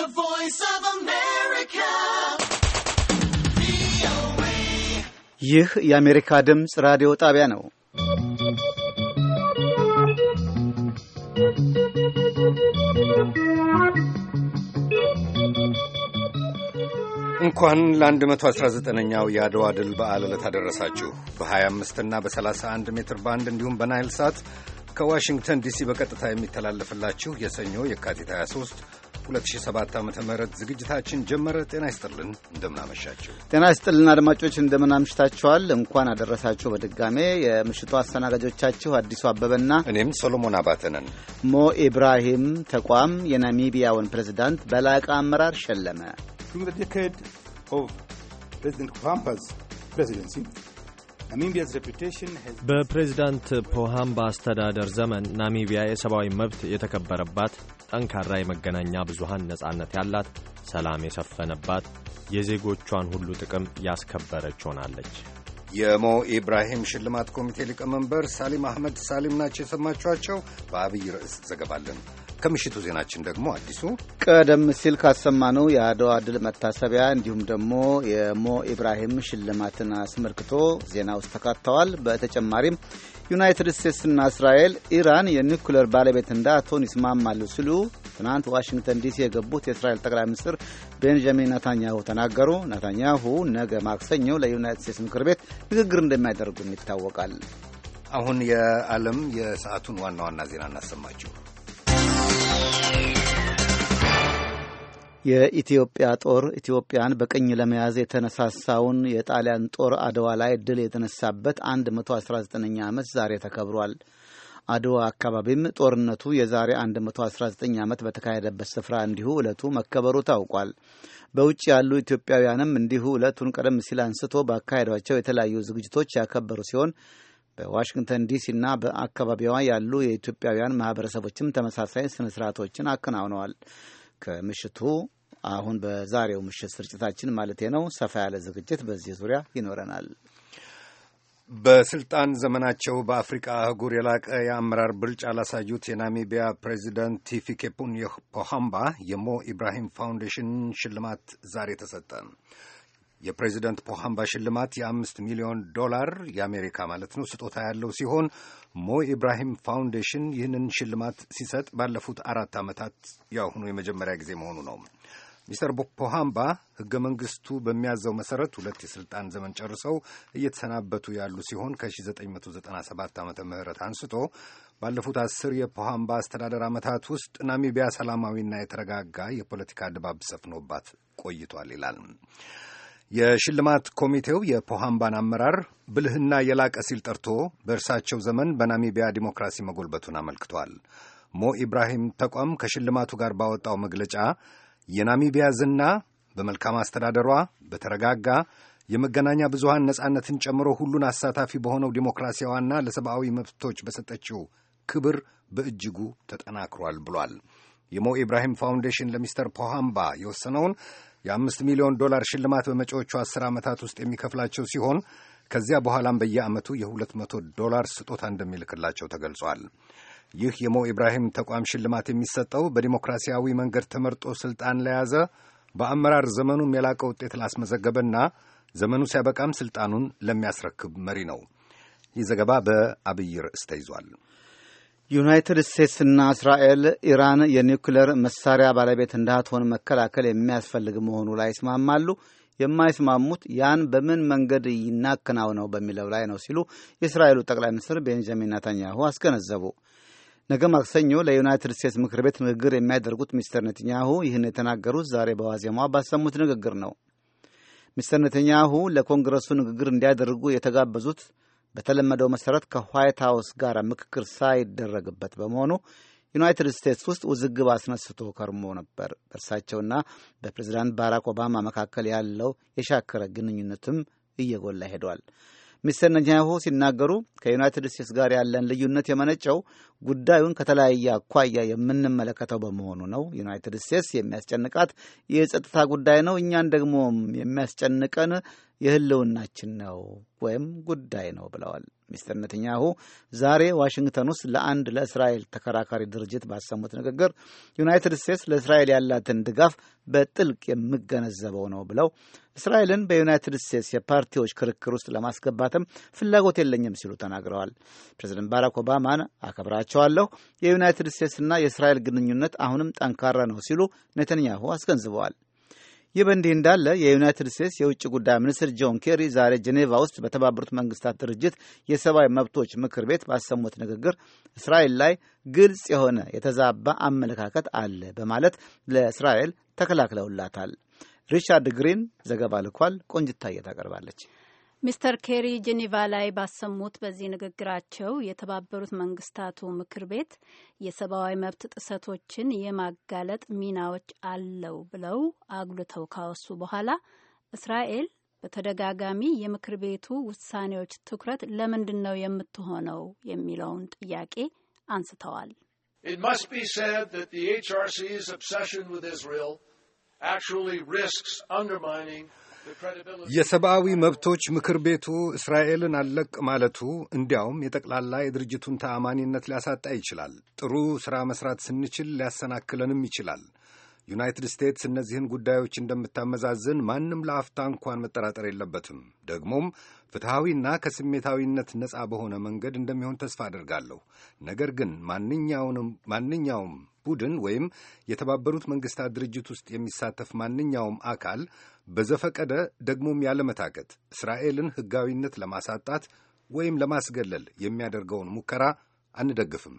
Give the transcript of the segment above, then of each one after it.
The Voice of America. ይህ የአሜሪካ ድምፅ ራዲዮ ጣቢያ ነው። እንኳን ለ119ኛው የአድዋ ድል በዓል ዕለት አደረሳችሁ። በ25 እና በ31 ሜትር ባንድ እንዲሁም በናይል ሳት ከዋሽንግተን ዲሲ በቀጥታ የሚተላለፍላችሁ የሰኞ የካቲት 23 2007 ዓ ም ዝግጅታችን ጀመረ። ጤና ይስጥልን፣ እንደምናመሻችሁ። ጤና ይስጥልን አድማጮች፣ እንደምናምሽታችኋል። እንኳን አደረሳችሁ። በድጋሜ የምሽቱ አስተናጋጆቻችሁ አዲሱ አበበና እኔም ሶሎሞን አባተነን። ሞ ኢብራሂም ተቋም የናሚቢያውን ፕሬዚዳንት በላቀ አመራር ሸለመ። በፕሬዚዳንት ፖሃምባ አስተዳደር ዘመን ናሚቢያ የሰብአዊ መብት የተከበረባት፣ ጠንካራ የመገናኛ ብዙሃን ነጻነት ያላት፣ ሰላም የሰፈነባት፣ የዜጎቿን ሁሉ ጥቅም ያስከበረች ሆናለች። የሞ ኢብራሂም ሽልማት ኮሚቴ ሊቀመንበር ሳሊም አህመድ ሳሊም ናቸው የሰማችኋቸው። በአብይ ርዕስ ዘገባለን። ከምሽቱ ዜናችን ደግሞ አዲሱ ቀደም ሲል ካሰማነው የአድዋ ድል መታሰቢያ እንዲሁም ደግሞ የሞ ኢብራሂም ሽልማትን አስመልክቶ ዜና ውስጥ ተካተዋል። በተጨማሪም ዩናይትድ ስቴትስና እስራኤል ኢራን የኒኩለር ባለቤት እንዳትሆን ይስማማሉ ሲሉ ትናንት ዋሽንግተን ዲሲ የገቡት የእስራኤል ጠቅላይ ሚኒስትር ቤንጃሚን ነታንያሁ ተናገሩ። ነታንያሁ ነገ ማክሰኞ ለዩናይትድ ስቴትስ ምክር ቤት ንግግር እንደሚያደርጉም ይታወቃል። አሁን የዓለም የሰዓቱን ዋና ዋና ዜና እናሰማችሁ። የኢትዮጵያ ጦር ኢትዮጵያን በቅኝ ለመያዝ የተነሳሳውን የጣሊያን ጦር አድዋ ላይ ድል የተነሳበት 119ኛ ዓመት ዛሬ ተከብሯል። አድዋ አካባቢም ጦርነቱ የዛሬ 119 ዓመት በተካሄደበት ስፍራ እንዲሁ ዕለቱ መከበሩ ታውቋል። በውጭ ያሉ ኢትዮጵያውያንም እንዲሁ ዕለቱን ቀደም ሲል አንስቶ ባካሄዷቸው የተለያዩ ዝግጅቶች ያከበሩ ሲሆን በዋሽንግተን ዲሲ ና በአካባቢዋ ያሉ የኢትዮጵያውያን ማህበረሰቦችም ተመሳሳይ ስነ ስርዓቶችን አከናውነዋል። ከምሽቱ አሁን በዛሬው ምሽት ስርጭታችን ማለቴ ነው ሰፋ ያለ ዝግጅት በዚህ ዙሪያ ይኖረናል። በስልጣን ዘመናቸው በአፍሪቃ አህጉር የላቀ የአመራር ብልጫ ላሳዩት የናሚቢያ ፕሬዚደንት ቲፊኬፑን ፖሃምባ የሞ ኢብራሂም ፋውንዴሽን ሽልማት ዛሬ ተሰጠ። የፕሬዚደንት ፖሃምባ ሽልማት የአምስት ሚሊዮን ዶላር የአሜሪካ ማለት ነው ስጦታ ያለው ሲሆን ሞ ኢብራሂም ፋውንዴሽን ይህንን ሽልማት ሲሰጥ ባለፉት አራት ዓመታት የአሁኑ የመጀመሪያ ጊዜ መሆኑ ነው። ሚስተር ፖሃምባ ሕገ መንግሥቱ በሚያዘው መሠረት ሁለት የሥልጣን ዘመን ጨርሰው እየተሰናበቱ ያሉ ሲሆን ከ1997 ዓ ም አንስቶ ባለፉት አስር የፖሃምባ አስተዳደር ዓመታት ውስጥ ናሚቢያ ሰላማዊና የተረጋጋ የፖለቲካ ድባብ ሰፍኖባት ቆይቷል ይላል። የሽልማት ኮሚቴው የፖሃምባን አመራር ብልህና የላቀ ሲል ጠርቶ በእርሳቸው ዘመን በናሚቢያ ዲሞክራሲ መጎልበቱን አመልክቷል። ሞ ኢብራሂም ተቋም ከሽልማቱ ጋር ባወጣው መግለጫ የናሚቢያ ዝና በመልካም አስተዳደሯ፣ በተረጋጋ የመገናኛ ብዙሃን ነጻነትን ጨምሮ ሁሉን አሳታፊ በሆነው ዲሞክራሲያዋና ለሰብአዊ መብቶች በሰጠችው ክብር በእጅጉ ተጠናክሯል ብሏል። የሞ ኢብራሂም ፋውንዴሽን ለሚስተር ፖሃምባ የወሰነውን የአምስት ሚሊዮን ዶላር ሽልማት በመጪዎቹ አስር ዓመታት ውስጥ የሚከፍላቸው ሲሆን ከዚያ በኋላም በየዓመቱ የሁለት መቶ ዶላር ስጦታ እንደሚልክላቸው ተገልጿል። ይህ የሞ ኢብራሂም ተቋም ሽልማት የሚሰጠው በዲሞክራሲያዊ መንገድ ተመርጦ ስልጣን ለያዘ በአመራር ዘመኑም የላቀ ውጤት ላስመዘገበና ዘመኑ ሲያበቃም ስልጣኑን ለሚያስረክብ መሪ ነው። ይህ ዘገባ በአብይ ርዕስ ተይዟል። ዩናይትድ ስቴትስና እስራኤል ኢራን የኒውክሌር መሳሪያ ባለቤት እንዳትሆን መከላከል የሚያስፈልግ መሆኑ ላይ ይስማማሉ። የማይስማሙት ያን በምን መንገድ ይናከናውነው በሚለው ላይ ነው ሲሉ የእስራኤሉ ጠቅላይ ሚኒስትር ቤንጃሚን ነታንያሁ አስገነዘቡ። ነገ ማክሰኞ ለዩናይትድ ስቴትስ ምክር ቤት ንግግር የሚያደርጉት ሚስተር ኔተንያሁ ይህን የተናገሩት ዛሬ በዋዜማ ባሰሙት ንግግር ነው። ሚስተር ኔተንያሁ ለኮንግረሱ ንግግር እንዲያደርጉ የተጋበዙት በተለመደው መሰረት ከዋይት ሀውስ ጋር ምክክር ሳይደረግበት በመሆኑ ዩናይትድ ስቴትስ ውስጥ ውዝግብ አስነስቶ ከርሞ ነበር። በእርሳቸውና በፕሬዚዳንት ባራክ ኦባማ መካከል ያለው የሻከረ ግንኙነትም እየጎላ ሄዷል። ሚስተር ነታንያሁ ሲናገሩ ከዩናይትድ ስቴትስ ጋር ያለን ልዩነት የመነጨው ጉዳዩን ከተለያየ አኳያ የምንመለከተው በመሆኑ ነው። ዩናይትድ ስቴትስ የሚያስጨንቃት የጸጥታ ጉዳይ ነው፣ እኛን ደግሞ የሚያስጨንቀን የህልውናችን ነው ወይም ጉዳይ ነው ብለዋል። ሚስተር ነተኛሁ ዛሬ ዋሽንግተን ውስጥ ለአንድ ለእስራኤል ተከራካሪ ድርጅት ባሰሙት ንግግር ዩናይትድ ስቴትስ ለእስራኤል ያላትን ድጋፍ በጥልቅ የምገነዘበው ነው ብለው እስራኤልን በዩናይትድ ስቴትስ የፓርቲዎች ክርክር ውስጥ ለማስገባትም ፍላጎት የለኝም ሲሉ ተናግረዋል። ፕሬዚደንት ባራክ ኦባማን አከብራቸዋለሁ፣ የዩናይትድ ስቴትስና የእስራኤል ግንኙነት አሁንም ጠንካራ ነው ሲሉ ኔተንያሁ አስገንዝበዋል። ይህ በእንዲህ እንዳለ የዩናይትድ ስቴትስ የውጭ ጉዳይ ሚኒስትር ጆን ኬሪ ዛሬ ጄኔቫ ውስጥ በተባበሩት መንግስታት ድርጅት የሰብአዊ መብቶች ምክር ቤት ባሰሙት ንግግር እስራኤል ላይ ግልጽ የሆነ የተዛባ አመለካከት አለ በማለት ለእስራኤል ተከላክለውላታል። ሪቻርድ ግሪን ዘገባ ልኳል። ቆንጅታየ ታቀርባለች። ሚስተር ኬሪ ጄኔቫ ላይ ባሰሙት በዚህ ንግግራቸው የተባበሩት መንግስታቱ ምክር ቤት የሰብአዊ መብት ጥሰቶችን የማጋለጥ ሚናዎች አለው ብለው አጉልተው ካወሱ በኋላ እስራኤል በተደጋጋሚ የምክር ቤቱ ውሳኔዎች ትኩረት ለምንድን ነው የምትሆነው የሚለውን ጥያቄ አንስተዋል። የሰብአዊ መብቶች ምክር ቤቱ እስራኤልን አለቅ ማለቱ እንዲያውም የጠቅላላ የድርጅቱን ተአማኒነት ሊያሳጣ ይችላል። ጥሩ ሥራ መሥራት ስንችል ሊያሰናክለንም ይችላል። ዩናይትድ ስቴትስ እነዚህን ጉዳዮች እንደምታመዛዝን ማንም ለአፍታ እንኳን መጠራጠር የለበትም። ደግሞም ፍትሐዊና ከስሜታዊነት ነጻ በሆነ መንገድ እንደሚሆን ተስፋ አድርጋለሁ። ነገር ግን ማንኛውም ቡድን ወይም የተባበሩት መንግስታት ድርጅት ውስጥ የሚሳተፍ ማንኛውም አካል በዘፈቀደ ደግሞም ያለመታከት እስራኤልን ሕጋዊነት ለማሳጣት ወይም ለማስገለል የሚያደርገውን ሙከራ አንደግፍም።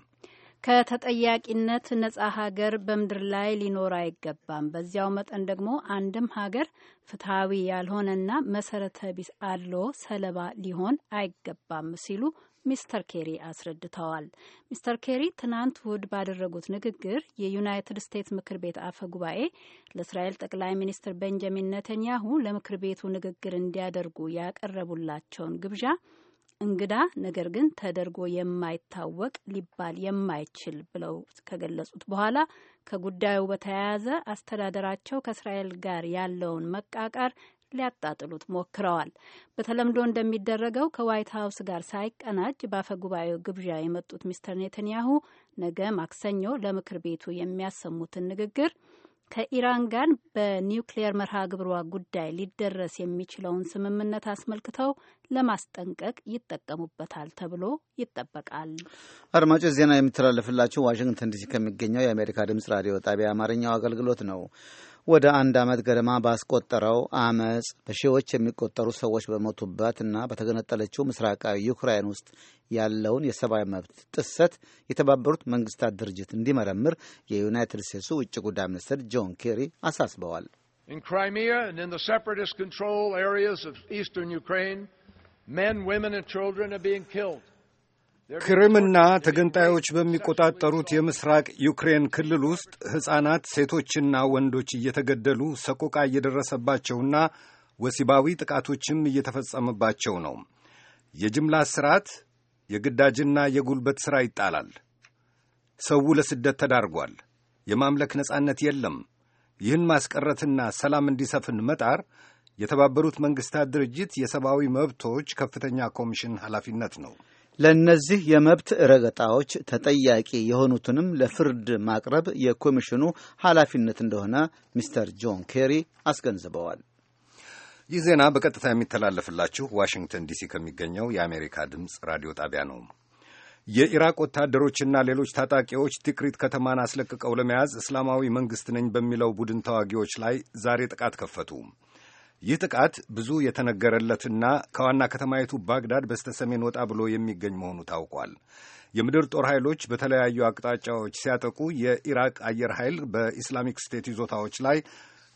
ከተጠያቂነት ነጻ ሀገር በምድር ላይ ሊኖር አይገባም። በዚያው መጠን ደግሞ አንድም ሀገር ፍትሐዊ ያልሆነና መሰረተ ቢስ አድሎ ሰለባ ሊሆን አይገባም ሲሉ ሚስተር ኬሪ አስረድተዋል። ሚስተር ኬሪ ትናንት ውድ ባደረጉት ንግግር የዩናይትድ ስቴትስ ምክር ቤት አፈ ጉባኤ ለእስራኤል ጠቅላይ ሚኒስትር ቤንጃሚን ነተንያሁ ለምክር ቤቱ ንግግር እንዲያደርጉ ያቀረቡላቸውን ግብዣ እንግዳ ነገር ግን ተደርጎ የማይታወቅ ሊባል የማይችል ብለው ከገለጹት በኋላ ከጉዳዩ በተያያዘ አስተዳደራቸው ከእስራኤል ጋር ያለውን መቃቃር ሊያጣጥሉት ሞክረዋል። በተለምዶ እንደሚደረገው ከዋይት ሀውስ ጋር ሳይቀናጅ በአፈ ጉባኤው ግብዣ የመጡት ሚስተር ኔተንያሁ ነገ ማክሰኞ ለምክር ቤቱ የሚያሰሙትን ንግግር ከኢራን ጋር በኒውክሌየር መርሃ ግብሯ ጉዳይ ሊደረስ የሚችለውን ስምምነት አስመልክተው ለማስጠንቀቅ ይጠቀሙበታል ተብሎ ይጠበቃል። አድማጮች ዜና የሚተላለፍላችሁ ዋሽንግተን ዲሲ ከሚገኘው የአሜሪካ ድምጽ ራዲዮ ጣቢያ አማርኛው አገልግሎት ነው። ወደ አንድ ዓመት ገደማ ባስቆጠረው አመፅ በሺዎች የሚቆጠሩ ሰዎች እና በተገነጠለችው ምስራቃዊ ዩክራይን ውስጥ ያለውን የሰብአዊ መብት ጥሰት የተባበሩት መንግስታት ድርጅት እንዲመረምር የዩናይትድ ስቴትሱ ውጭ ጉዳይ ሚኒስትር ጆን ኬሪ አሳስበዋል። ክሬምና ተገንጣዮች በሚቆጣጠሩት የምስራቅ ዩክሬን ክልል ውስጥ ሕፃናት ሴቶችና ወንዶች እየተገደሉ ሰቆቃ እየደረሰባቸውና ወሲባዊ ጥቃቶችም እየተፈጸመባቸው ነው። የጅምላ ስርዓት የግዳጅና የጉልበት ሥራ ይጣላል። ሰው ለስደት ተዳርጓል። የማምለክ ነጻነት የለም። ይህን ማስቀረትና ሰላም እንዲሰፍን መጣር የተባበሩት መንግሥታት ድርጅት የሰብአዊ መብቶች ከፍተኛ ኮሚሽን ኃላፊነት ነው። ለእነዚህ የመብት ረገጣዎች ተጠያቂ የሆኑትንም ለፍርድ ማቅረብ የኮሚሽኑ ኃላፊነት እንደሆነ ሚስተር ጆን ኬሪ አስገንዝበዋል። ይህ ዜና በቀጥታ የሚተላለፍላችሁ ዋሽንግተን ዲሲ ከሚገኘው የአሜሪካ ድምፅ ራዲዮ ጣቢያ ነው። የኢራቅ ወታደሮችና ሌሎች ታጣቂዎች ትክሪት ከተማን አስለቅቀው ለመያዝ እስላማዊ መንግሥት ነኝ በሚለው ቡድን ተዋጊዎች ላይ ዛሬ ጥቃት ከፈቱ። ይህ ጥቃት ብዙ የተነገረለትና ከዋና ከተማይቱ ባግዳድ በስተ ሰሜን ወጣ ብሎ የሚገኝ መሆኑ ታውቋል። የምድር ጦር ኃይሎች በተለያዩ አቅጣጫዎች ሲያጠቁ የኢራቅ አየር ኃይል በኢስላሚክ ስቴት ይዞታዎች ላይ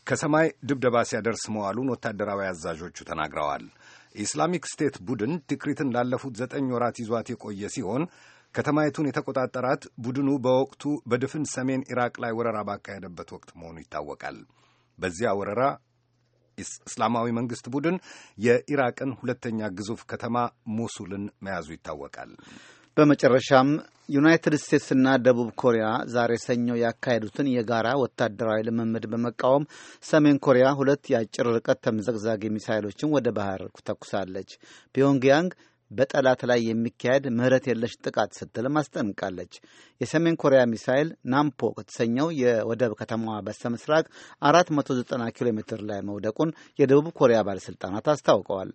ከሰማይ ድብደባ ሲያደርስ መዋሉን ወታደራዊ አዛዦቹ ተናግረዋል። የኢስላሚክ ስቴት ቡድን ትክሪትን ላለፉት ዘጠኝ ወራት ይዟት የቆየ ሲሆን ከተማይቱን የተቆጣጠራት ቡድኑ በወቅቱ በድፍን ሰሜን ኢራቅ ላይ ወረራ ባካሄደበት ወቅት መሆኑ ይታወቃል። በዚያ ወረራ እስላማዊ መንግስት ቡድን የኢራቅን ሁለተኛ ግዙፍ ከተማ ሞሱልን መያዙ ይታወቃል። በመጨረሻም ዩናይትድ ስቴትስና ደቡብ ኮሪያ ዛሬ ሰኞ ያካሄዱትን የጋራ ወታደራዊ ልምምድ በመቃወም ሰሜን ኮሪያ ሁለት የአጭር ርቀት ተምዘግዛጊ ሚሳይሎችን ወደ ባህር ተኩሳለች። ፒዮንግያንግ በጠላት ላይ የሚካሄድ ምህረት የለሽ ጥቃት ስትልም አስጠንቃለች። የሰሜን ኮሪያ ሚሳይል ናምፖ ከተሰኘው የወደብ ከተማዋ በስተ ምስራቅ 490 ኪሎ ሜትር ላይ መውደቁን የደቡብ ኮሪያ ባለሥልጣናት አስታውቀዋል።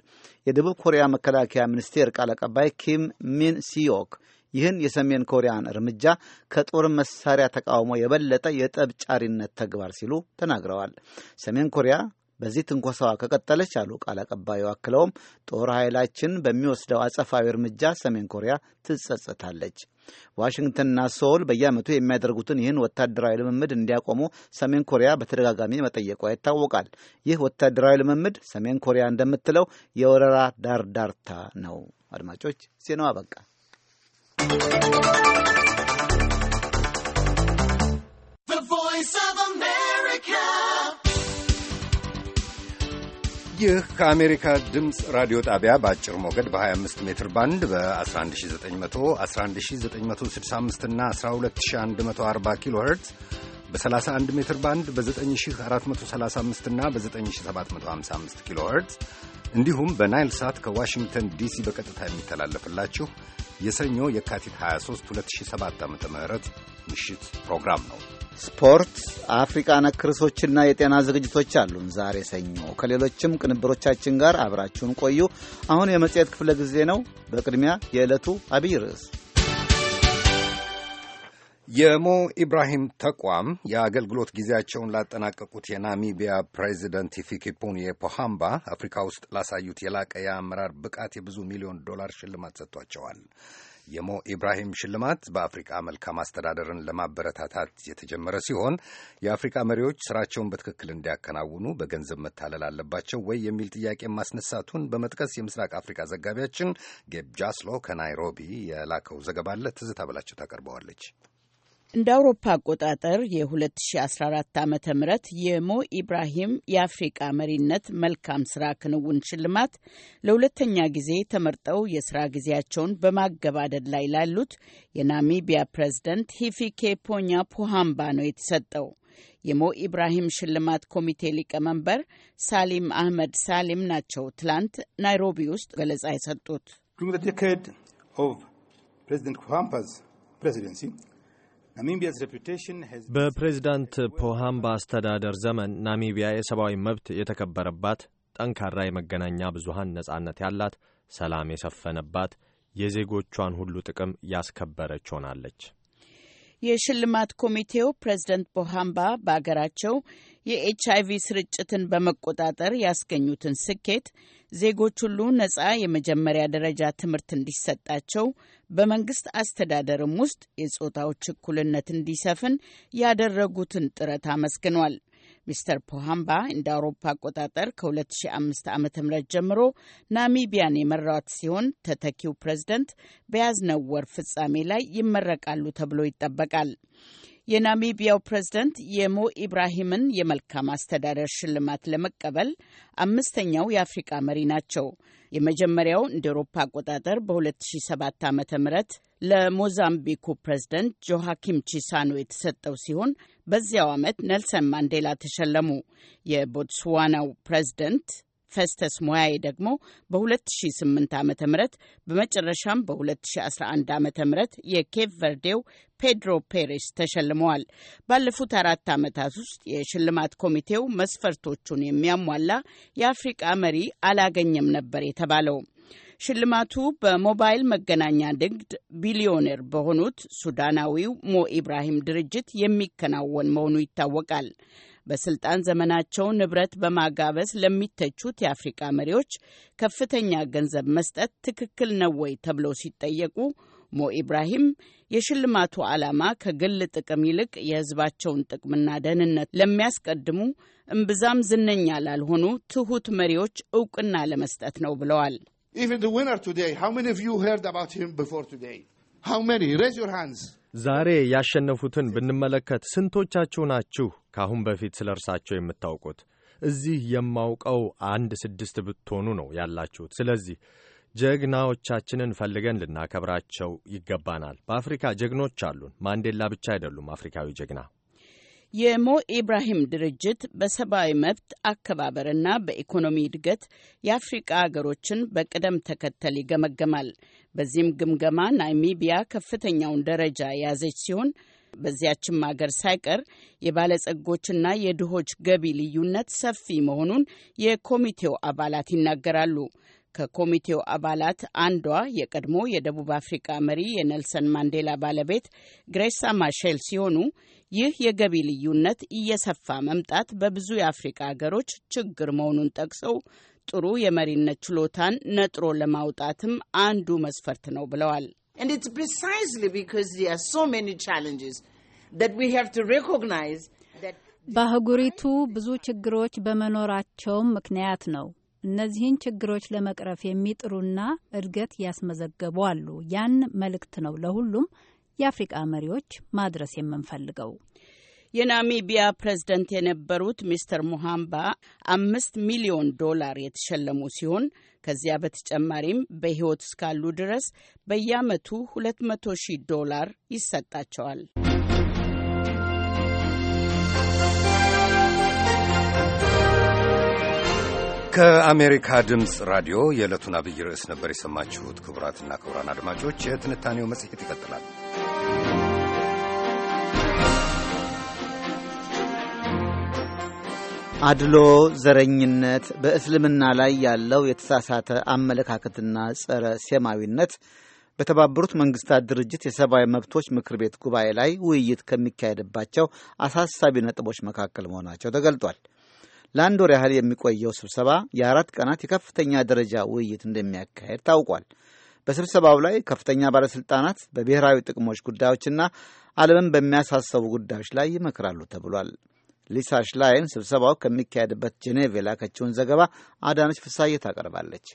የደቡብ ኮሪያ መከላከያ ሚኒስቴር ቃል አቀባይ ኪም ሚን ሲዮክ ይህን የሰሜን ኮሪያን እርምጃ ከጦር መሳሪያ ተቃውሞ የበለጠ የጠብ ጫሪነት ተግባር ሲሉ ተናግረዋል። ሰሜን ኮሪያ በዚህ ትንኮሳዋ ከቀጠለች አሉ ቃል አቀባዩ። አክለውም ጦር ኃይላችን በሚወስደው አጸፋዊ እርምጃ ሰሜን ኮሪያ ትጸጸታለች። ዋሽንግተንና ሶል በየዓመቱ የሚያደርጉትን ይህን ወታደራዊ ልምምድ እንዲያቆሙ ሰሜን ኮሪያ በተደጋጋሚ መጠየቋ ይታወቃል። ይህ ወታደራዊ ልምምድ ሰሜን ኮሪያ እንደምትለው የወረራ ዳርዳርታ ነው። አድማጮች ዜናው አበቃ። ይህ ከአሜሪካ ድምፅ ራዲዮ ጣቢያ በአጭር ሞገድ በ25 ሜትር ባንድ በ 11911965 እና 12140 ኪሎ ሄርትዝ በ31 ሜትር ባንድ በ9435 እና በ9755 ኪሎ ሄርትዝ እንዲሁም በናይል ሳት ከዋሽንግተን ዲሲ በቀጥታ የሚተላለፍላችሁ የሰኞ የካቲት 23 2007 ዓ ም ምሽት ፕሮግራም ነው። ስፖርት፣ አፍሪቃ ነክ ርዕሶችና የጤና ዝግጅቶች አሉን ዛሬ ሰኞ። ከሌሎችም ቅንብሮቻችን ጋር አብራችሁን ቆዩ። አሁን የመጽሔት ክፍለ ጊዜ ነው። በቅድሚያ የዕለቱ አብይ ርዕስ የሞ ኢብራሂም ተቋም የአገልግሎት ጊዜያቸውን ላጠናቀቁት የናሚቢያ ፕሬዚደንት ሂፊኬፑንዬ ፖሃምባ አፍሪካ ውስጥ ላሳዩት የላቀ የአመራር ብቃት የብዙ ሚሊዮን ዶላር ሽልማት ሰጥቷቸዋል። የሞ ኢብራሂም ሽልማት በአፍሪቃ መልካም አስተዳደርን ለማበረታታት የተጀመረ ሲሆን የአፍሪቃ መሪዎች ስራቸውን በትክክል እንዲያከናውኑ በገንዘብ መታለል አለባቸው ወይ የሚል ጥያቄ ማስነሳቱን በመጥቀስ የምስራቅ አፍሪካ ዘጋቢያችን ጌብ ጃስሎ ከናይሮቢ የላከው ዘገባ አለ። ትዝታ በላቸው ታቀርበዋለች። እንደ አውሮፓ አቆጣጠር የ2014 ዓ ም የሞ ኢብራሂም የአፍሪቃ መሪነት መልካም ስራ ክንውን ሽልማት ለሁለተኛ ጊዜ ተመርጠው የስራ ጊዜያቸውን በማገባደድ ላይ ላሉት የናሚቢያ ፕሬዝደንት ፖኛ ፖሃምባ ነው የተሰጠው። የሞ ኢብራሂም ሽልማት ኮሚቴ ሊቀመንበር ሳሊም አህመድ ሳሊም ናቸው። ትላንት ናይሮቢ ውስጥ ገለጻ የሰጡት በፕሬዚዳንት ፖሃምባ አስተዳደር ዘመን ናሚቢያ የሰብአዊ መብት የተከበረባት፣ ጠንካራ የመገናኛ ብዙሃን ነጻነት ያላት፣ ሰላም የሰፈነባት፣ የዜጎቿን ሁሉ ጥቅም ያስከበረች ሆናለች። የሽልማት ኮሚቴው ፕሬዝደንት ቦሃምባ በአገራቸው የኤች አይቪ ስርጭትን በመቆጣጠር ያስገኙትን ስኬት ዜጎች ሁሉ ነጻ የመጀመሪያ ደረጃ ትምህርት እንዲሰጣቸው በመንግስት አስተዳደርም ውስጥ የጾታዎች እኩልነት እንዲሰፍን ያደረጉትን ጥረት አመስግኗል። ሚስተር ፖሃምባ እንደ አውሮፓ አቆጣጠር ከ2005 ዓ ም ጀምሮ ናሚቢያን የመራት ሲሆን ተተኪው ፕሬዝደንት በያዝነው ወር ፍጻሜ ላይ ይመረቃሉ ተብሎ ይጠበቃል። የናሚቢያው ፕሬዝደንት የሞ ኢብራሂምን የመልካም አስተዳደር ሽልማት ለመቀበል አምስተኛው የአፍሪቃ መሪ ናቸው። የመጀመሪያው እንደ ኤሮፓ አቆጣጠር በ2007 ዓ ም ለሞዛምቢኩ ፕሬዝደንት ጆሃኪም ቺሳኖ የተሰጠው ሲሆን በዚያው ዓመት ኔልሰን ማንዴላ ተሸለሙ። የቦትስዋናው ፕሬዝደንት ፌስተስ ሞያዬ ደግሞ በ2008 ዓ ም በመጨረሻም በ2011 ዓ ም የኬፕ ቨርዴው ፔድሮ ፔሬስ ተሸልመዋል። ባለፉት አራት ዓመታት ውስጥ የሽልማት ኮሚቴው መስፈርቶቹን የሚያሟላ የአፍሪቃ መሪ አላገኘም ነበር የተባለው። ሽልማቱ በሞባይል መገናኛ ንግድ ቢሊዮነር በሆኑት ሱዳናዊው ሞ ኢብራሂም ድርጅት የሚከናወን መሆኑ ይታወቃል። በስልጣን ዘመናቸው ንብረት በማጋበስ ለሚተቹት የአፍሪቃ መሪዎች ከፍተኛ ገንዘብ መስጠት ትክክል ነው ወይ ተብለው ሲጠየቁ ሞ ኢብራሂም የሽልማቱ ዓላማ ከግል ጥቅም ይልቅ የሕዝባቸውን ጥቅምና ደህንነት ለሚያስቀድሙ እምብዛም ዝነኛ ላልሆኑ ትሑት መሪዎች እውቅና ለመስጠት ነው ብለዋል። Even the winner today, how many of you heard about him before today? How many? Raise your hands. ዛሬ ያሸነፉትን ብንመለከት ስንቶቻችሁ ናችሁ ከአሁን በፊት ስለ እርሳቸው የምታውቁት? እዚህ የማውቀው አንድ ስድስት ብትሆኑ ነው ያላችሁት። ስለዚህ ጀግናዎቻችንን ፈልገን ልናከብራቸው ይገባናል። በአፍሪካ ጀግኖች አሉን። ማንዴላ ብቻ አይደሉም አፍሪካዊ ጀግና። የሞ ኢብራሂም ድርጅት በሰብአዊ መብት አከባበርና በኢኮኖሚ እድገት የአፍሪቃ አገሮችን በቅደም ተከተል ይገመገማል። በዚህም ግምገማ ናሚቢያ ከፍተኛውን ደረጃ የያዘች ሲሆን በዚያችም አገር ሳይቀር የባለጸጎችና የድሆች ገቢ ልዩነት ሰፊ መሆኑን የኮሚቴው አባላት ይናገራሉ። ከኮሚቴው አባላት አንዷ የቀድሞ የደቡብ አፍሪካ መሪ የኔልሰን ማንዴላ ባለቤት ግሬሳ ማሼል ሲሆኑ ይህ የገቢ ልዩነት እየሰፋ መምጣት በብዙ የአፍሪካ ሀገሮች ችግር መሆኑን ጠቅሰው ጥሩ የመሪነት ችሎታን ነጥሮ ለማውጣትም አንዱ መስፈርት ነው ብለዋል። በአህጉሪቱ ብዙ ችግሮች በመኖራቸውም ምክንያት ነው። እነዚህን ችግሮች ለመቅረፍ የሚጥሩና እድገት ያስመዘገቡ አሉ። ያን መልእክት ነው ለሁሉም የአፍሪቃ መሪዎች ማድረስ የምንፈልገው። የናሚቢያ ፕሬዝደንት የነበሩት ሚስተር ሙሃምባ አምስት ሚሊዮን ዶላር የተሸለሙ ሲሆን ከዚያ በተጨማሪም በሕይወት እስካሉ ድረስ በየዓመቱ ሁለት መቶ ሺህ ዶላር ይሰጣቸዋል። ከአሜሪካ ድምፅ ራዲዮ የዕለቱን አብይ ርዕስ ነበር የሰማችሁት። ክቡራትና ክቡራን አድማጮች የትንታኔው መጽሔት ይቀጥላል። አድሎ፣ ዘረኝነት፣ በእስልምና ላይ ያለው የተሳሳተ አመለካከትና ጸረ ሴማዊነት በተባበሩት መንግስታት ድርጅት የሰብአዊ መብቶች ምክር ቤት ጉባኤ ላይ ውይይት ከሚካሄድባቸው አሳሳቢ ነጥቦች መካከል መሆናቸው ተገልጧል። ለአንድ ወር ያህል የሚቆየው ስብሰባ የአራት ቀናት የከፍተኛ ደረጃ ውይይት እንደሚያካሄድ ታውቋል። በስብሰባው ላይ ከፍተኛ ባለሥልጣናት በብሔራዊ ጥቅሞች ጉዳዮችና ዓለምን በሚያሳሰቡ ጉዳዮች ላይ ይመክራሉ ተብሏል። ሊሳሽ ላይን ስብሰባው ከሚካሄድበት ጄኔቭ የላከችውን ዘገባ አዳነች ፍሳዬ ታቀርባለች።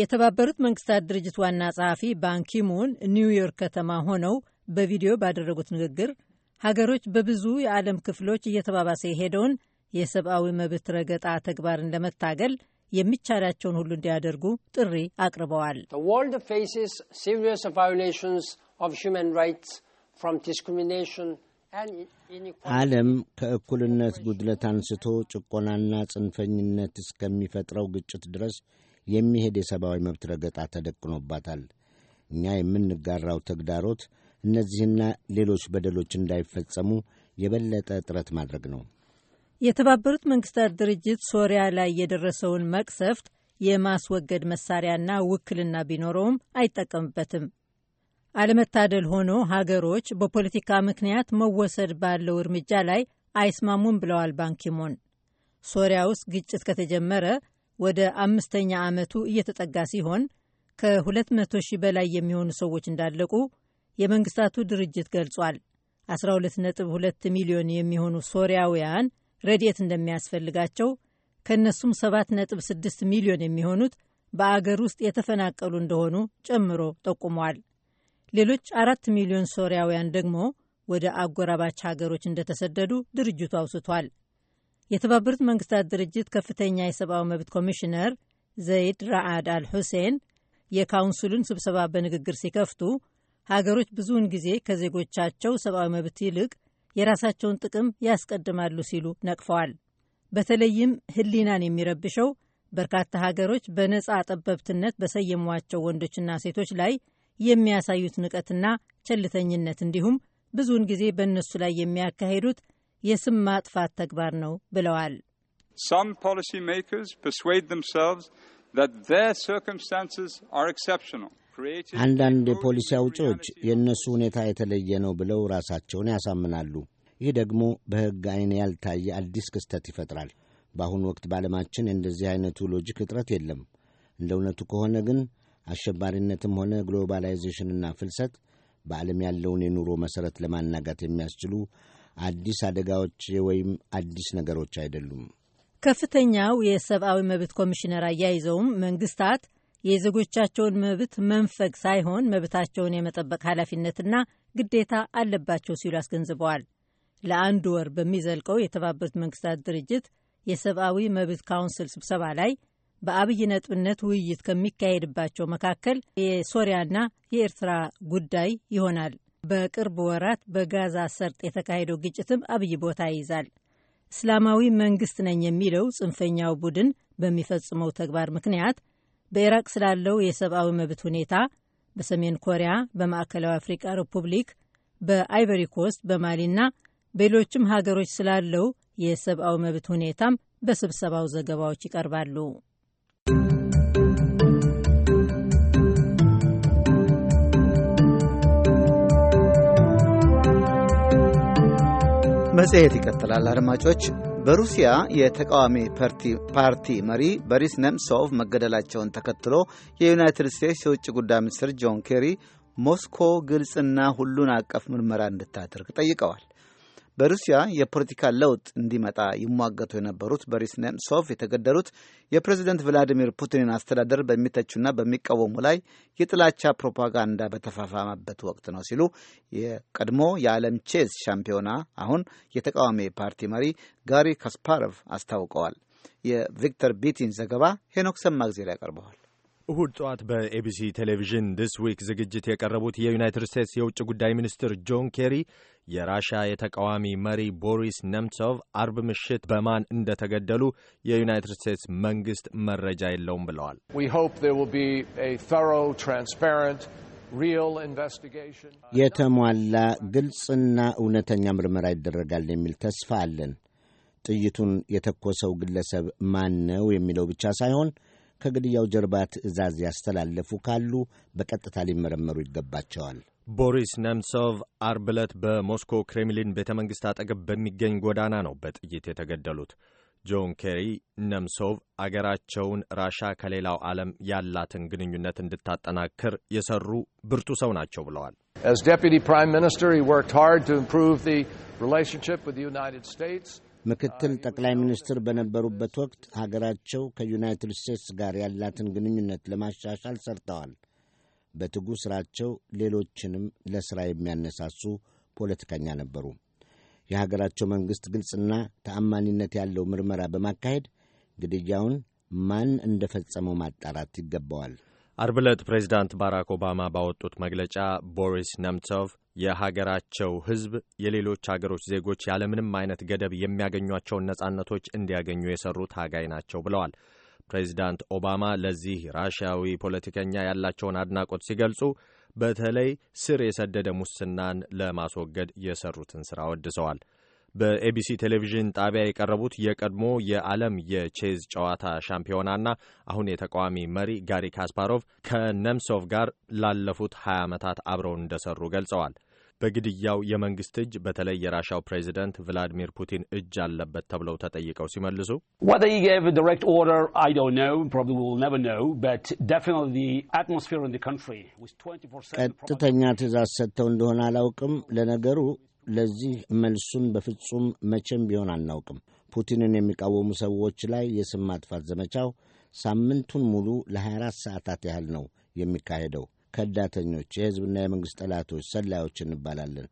የተባበሩት መንግስታት ድርጅት ዋና ጸሐፊ ባንኪሙን ኒውዮርክ ከተማ ሆነው በቪዲዮ ባደረጉት ንግግር ሀገሮች በብዙ የዓለም ክፍሎች እየተባባሰ የሄደውን የሰብአዊ መብት ረገጣ ተግባርን ለመታገል የሚቻላቸውን ሁሉ እንዲያደርጉ ጥሪ አቅርበዋል። ዓለም ከእኩልነት ጉድለት አንስቶ ጭቆናና ጽንፈኝነት እስከሚፈጥረው ግጭት ድረስ የሚሄድ የሰብአዊ መብት ረገጣ ተደቅኖባታል። እኛ የምንጋራው ተግዳሮት እነዚህና ሌሎች በደሎች እንዳይፈጸሙ የበለጠ ጥረት ማድረግ ነው። የተባበሩት መንግስታት ድርጅት ሶሪያ ላይ የደረሰውን መቅሰፍት የማስወገድ መሳሪያና ውክልና ቢኖረውም አይጠቀምበትም። አለመታደል ሆኖ ሀገሮች በፖለቲካ ምክንያት መወሰድ ባለው እርምጃ ላይ አይስማሙም ብለዋል ባንኪሞን። ሶሪያ ውስጥ ግጭት ከተጀመረ ወደ አምስተኛ ዓመቱ እየተጠጋ ሲሆን ከ200 ሺህ በላይ የሚሆኑ ሰዎች እንዳለቁ የመንግስታቱ ድርጅት ገልጿል። 12.2 ሚሊዮን የሚሆኑ ሶሪያውያን ረድኤት እንደሚያስፈልጋቸው ከእነሱም 7.6 ሚሊዮን የሚሆኑት በአገር ውስጥ የተፈናቀሉ እንደሆኑ ጨምሮ ጠቁሟል። ሌሎች አራት ሚሊዮን ሶሪያውያን ደግሞ ወደ አጎራባች ሀገሮች እንደተሰደዱ ድርጅቱ አውስቷል። የተባበሩት መንግስታት ድርጅት ከፍተኛ የሰብአዊ መብት ኮሚሽነር ዘይድ ራአድ አል ሁሴን የካውንስሉን ስብሰባ በንግግር ሲከፍቱ ሀገሮች ብዙውን ጊዜ ከዜጎቻቸው ሰብአዊ መብት ይልቅ የራሳቸውን ጥቅም ያስቀድማሉ ሲሉ ነቅፈዋል። በተለይም ሕሊናን የሚረብሸው በርካታ ሀገሮች በነጻ ጠበብትነት በሰየሟቸው ወንዶችና ሴቶች ላይ የሚያሳዩት ንቀትና ቸልተኝነት እንዲሁም ብዙውን ጊዜ በእነሱ ላይ የሚያካሂዱት የስም ማጥፋት ተግባር ነው ብለዋል። አንዳንድ የፖሊሲ አውጪዎች የእነሱ ሁኔታ የተለየ ነው ብለው ራሳቸውን ያሳምናሉ። ይህ ደግሞ በሕግ ዐይን ያልታየ አዲስ ክስተት ይፈጥራል። በአሁኑ ወቅት በዓለማችን እንደዚህ አይነቱ ሎጂክ እጥረት የለም። እንደ እውነቱ ከሆነ ግን አሸባሪነትም ሆነ ግሎባላይዜሽንና ፍልሰት በዓለም ያለውን የኑሮ መሠረት ለማናጋት የሚያስችሉ አዲስ አደጋዎች ወይም አዲስ ነገሮች አይደሉም። ከፍተኛው የሰብአዊ መብት ኮሚሽነር አያይዘውም መንግስታት የዜጎቻቸውን መብት መንፈግ ሳይሆን መብታቸውን የመጠበቅ ኃላፊነትና ግዴታ አለባቸው ሲሉ አስገንዝበዋል። ለአንድ ወር በሚዘልቀው የተባበሩት መንግስታት ድርጅት የሰብአዊ መብት ካውንስል ስብሰባ ላይ በአብይ ነጥብነት ውይይት ከሚካሄድባቸው መካከል የሶሪያና የኤርትራ ጉዳይ ይሆናል። በቅርብ ወራት በጋዛ ሰርጥ የተካሄደው ግጭትም አብይ ቦታ ይይዛል። እስላማዊ መንግስት ነኝ የሚለው ጽንፈኛው ቡድን በሚፈጽመው ተግባር ምክንያት በኢራቅ ስላለው የሰብአዊ መብት ሁኔታ፣ በሰሜን ኮሪያ፣ በማዕከላዊ አፍሪቃ ሪፑብሊክ፣ በአይቨሪ ኮስት፣ በማሊና በሌሎችም ሀገሮች ስላለው የሰብአዊ መብት ሁኔታም በስብሰባው ዘገባዎች ይቀርባሉ። መጽሔት ይቀጥላል። አድማጮች፣ በሩሲያ የተቃዋሚ ፓርቲ መሪ በሪስ ነምሶቭ መገደላቸውን ተከትሎ የዩናይትድ ስቴትስ የውጭ ጉዳይ ሚኒስትር ጆን ኬሪ ሞስኮ ግልጽና ሁሉን አቀፍ ምርመራ እንድታደርግ ጠይቀዋል። በሩሲያ የፖለቲካ ለውጥ እንዲመጣ ይሟገቱ የነበሩት ቦሪስ ኔምሶቭ የተገደሉት የፕሬዚደንት ቭላዲሚር ፑቲንን አስተዳደር በሚተቹና በሚቃወሙ ላይ የጥላቻ ፕሮፓጋንዳ በተፋፋመበት ወቅት ነው ሲሉ የቀድሞ የዓለም ቼዝ ሻምፒዮና አሁን የተቃዋሚ ፓርቲ መሪ ጋሪ ካስፓሮቭ አስታውቀዋል። የቪክተር ቢቲን ዘገባ ሄኖክ ሰማግዜር ያቀርበዋል። እሁድ ጠዋት በኤቢሲ ቴሌቪዥን ዲስ ዊክ ዝግጅት የቀረቡት የዩናይትድ ስቴትስ የውጭ ጉዳይ ሚኒስትር ጆን ኬሪ የራሻ የተቃዋሚ መሪ ቦሪስ ነምሶቭ አርብ ምሽት በማን እንደተገደሉ የዩናይትድ ስቴትስ መንግስት መረጃ የለውም ብለዋል። የተሟላ ግልጽና እውነተኛ ምርመራ ይደረጋል የሚል ተስፋ አለን። ጥይቱን የተኮሰው ግለሰብ ማን ነው የሚለው ብቻ ሳይሆን ከግድያው ጀርባ ትዕዛዝ ያስተላለፉ ካሉ በቀጥታ ሊመረመሩ ይገባቸዋል። ቦሪስ ነምሶቭ አርብ ዕለት በሞስኮ ክሬምሊን ቤተ መንግሥት አጠገብ በሚገኝ ጎዳና ነው በጥይት የተገደሉት። ጆን ኬሪ ነምሶቭ አገራቸውን ራሻ ከሌላው ዓለም ያላትን ግንኙነት እንድታጠናክር የሰሩ ብርቱ ሰው ናቸው ብለዋል። As Deputy Prime Minister, he worked hard to improve the relationship with the United States. ምክትል ጠቅላይ ሚኒስትር በነበሩበት ወቅት ሀገራቸው ከዩናይትድ ስቴትስ ጋር ያላትን ግንኙነት ለማሻሻል ሰርተዋል። በትጉ ሥራቸው ሌሎችንም ለሥራ የሚያነሳሱ ፖለቲከኛ ነበሩ። የሀገራቸው መንግሥት ግልጽና ተአማኒነት ያለው ምርመራ በማካሄድ ግድያውን ማን እንደፈጸመው ማጣራት ይገባዋል። አርብ ዕለት ፕሬዚዳንት ባራክ ኦባማ ባወጡት መግለጫ ቦሪስ ነምቶቭ የሀገራቸው ሕዝብ የሌሎች ሀገሮች ዜጎች ያለምንም አይነት ገደብ የሚያገኟቸውን ነጻነቶች እንዲያገኙ የሰሩ ታጋይ ናቸው ብለዋል። ፕሬዚዳንት ኦባማ ለዚህ ራሽያዊ ፖለቲከኛ ያላቸውን አድናቆት ሲገልጹ በተለይ ስር የሰደደ ሙስናን ለማስወገድ የሰሩትን ሥራ ወድሰዋል። በኤቢሲ ቴሌቪዥን ጣቢያ የቀረቡት የቀድሞ የዓለም የቼዝ ጨዋታ ሻምፒዮናና አሁን የተቃዋሚ መሪ ጋሪ ካስፓሮቭ ከነምሶቭ ጋር ላለፉት 20 ዓመታት አብረው እንደሰሩ ገልጸዋል። በግድያው የመንግስት እጅ በተለይ የራሻው ፕሬዚደንት ቭላዲሚር ፑቲን እጅ አለበት ተብለው ተጠይቀው ሲመልሱ ቀጥተኛ ትዕዛዝ ሰጥተው እንደሆነ አላውቅም። ለነገሩ ለዚህ መልሱን በፍጹም መቼም ቢሆን አናውቅም። ፑቲንን የሚቃወሙ ሰዎች ላይ የስም ማጥፋት ዘመቻው ሳምንቱን ሙሉ ለ24 ሰዓታት ያህል ነው የሚካሄደው። ከዳተኞች፣ የሕዝብና የመንግሥት ጠላቶች፣ ሰላዮች እንባላለን።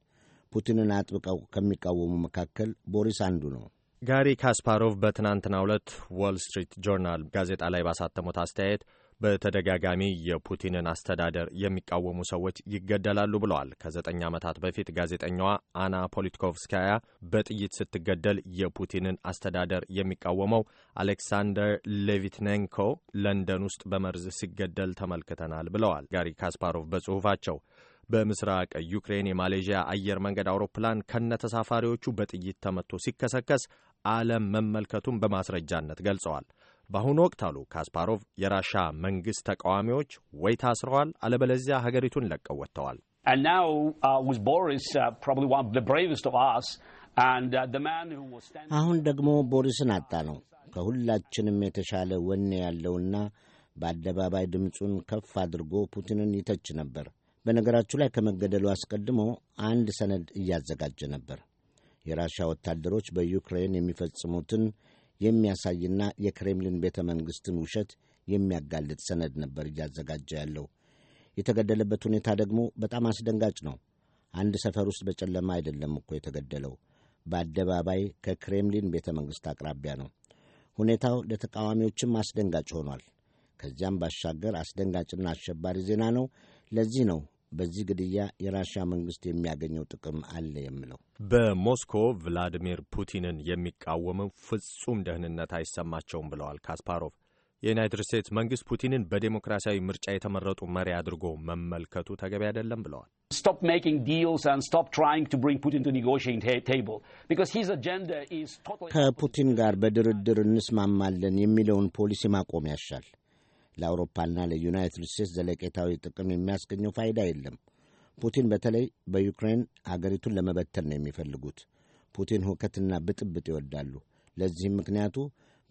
ፑቲንን አጥብቀው ከሚቃወሙ መካከል ቦሪስ አንዱ ነው። ጋሪ ካስፓሮቭ በትናንትናው ዕለት ዎል ስትሪት ጆርናል ጋዜጣ ላይ ባሳተሙት አስተያየት በተደጋጋሚ የፑቲንን አስተዳደር የሚቃወሙ ሰዎች ይገደላሉ ብለዋል። ከዘጠኝ ዓመታት በፊት ጋዜጠኛዋ አና ፖሊትኮቭስካያ በጥይት ስትገደል የፑቲንን አስተዳደር የሚቃወመው አሌክሳንደር ሌቪትኔንኮ ለንደን ውስጥ በመርዝ ሲገደል ተመልክተናል ብለዋል ጋሪ ካስፓሮቭ በጽሑፋቸው። በምስራቅ ዩክሬን የማሌዥያ አየር መንገድ አውሮፕላን ከነተሳፋሪዎቹ በጥይት ተመቶ ሲከሰከስ ዓለም መመልከቱን በማስረጃነት ገልጸዋል። በአሁኑ ወቅት አሉ ካስፓሮቭ፣ የራሻ መንግሥት ተቃዋሚዎች ወይ ታስረዋል፣ አለበለዚያ ሀገሪቱን ለቀው ወጥተዋል። uh, uh, uh, አሁን ደግሞ ቦሪስን አጣ ነው ከሁላችንም የተሻለ ወኔ ያለውና በአደባባይ ድምፁን ከፍ አድርጎ ፑቲንን ይተች ነበር። በነገራችሁ ላይ ከመገደሉ አስቀድሞ አንድ ሰነድ እያዘጋጀ ነበር። የራሻ ወታደሮች በዩክሬን የሚፈጽሙትን የሚያሳይና የክሬምሊን ቤተ መንግሥትን ውሸት የሚያጋልጥ ሰነድ ነበር እያዘጋጀ ያለው። የተገደለበት ሁኔታ ደግሞ በጣም አስደንጋጭ ነው። አንድ ሰፈር ውስጥ በጨለማ አይደለም እኮ የተገደለው፣ በአደባባይ ከክሬምሊን ቤተ መንግሥት አቅራቢያ ነው። ሁኔታው ለተቃዋሚዎችም አስደንጋጭ ሆኗል። ከዚያም ባሻገር አስደንጋጭና አሸባሪ ዜና ነው። ለዚህ ነው በዚህ ግድያ የራሽያ መንግስት የሚያገኘው ጥቅም አለ የምለው በሞስኮ ቭላዲሚር ፑቲንን የሚቃወመው ፍጹም ደህንነት አይሰማቸውም ብለዋል ካስፓሮቭ። የዩናይትድ ስቴትስ መንግስት ፑቲንን በዴሞክራሲያዊ ምርጫ የተመረጡ መሪ አድርጎ መመልከቱ ተገቢ አይደለም ብለዋል። ከፑቲን ጋር በድርድር እንስማማለን የሚለውን ፖሊሲ ማቆም ያሻል። ለአውሮፓና ለዩናይትድ ስቴትስ ዘለቄታዊ ጥቅም የሚያስገኘው ፋይዳ የለም። ፑቲን በተለይ በዩክሬን አገሪቱን ለመበተን ነው የሚፈልጉት። ፑቲን ሁከትና ብጥብጥ ይወዳሉ። ለዚህም ምክንያቱ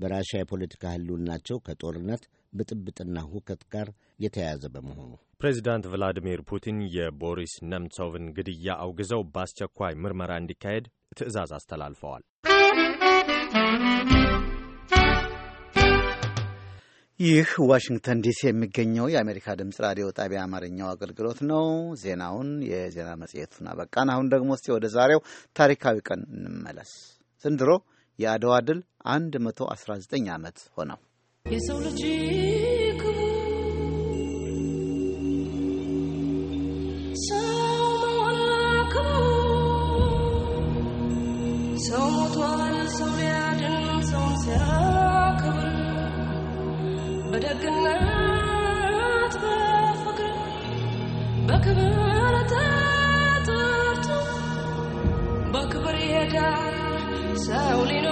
በራሽያ የፖለቲካ ህልውናቸው ከጦርነት ብጥብጥና ሁከት ጋር የተያያዘ በመሆኑ ፕሬዚዳንት ቭላዲሚር ፑቲን የቦሪስ ነምሶቭን ግድያ አውግዘው በአስቸኳይ ምርመራ እንዲካሄድ ትዕዛዝ አስተላልፈዋል። ይህ ዋሽንግተን ዲሲ የሚገኘው የአሜሪካ ድምፅ ራዲዮ ጣቢያ አማርኛው አገልግሎት ነው። ዜናውን የዜና መጽሔቱን አበቃን። አሁን ደግሞ እስቲ ወደ ዛሬው ታሪካዊ ቀን እንመለስ። ዘንድሮ የአድዋ ድል 119 ዓመት ሆነው የሰው ልጅ soul in a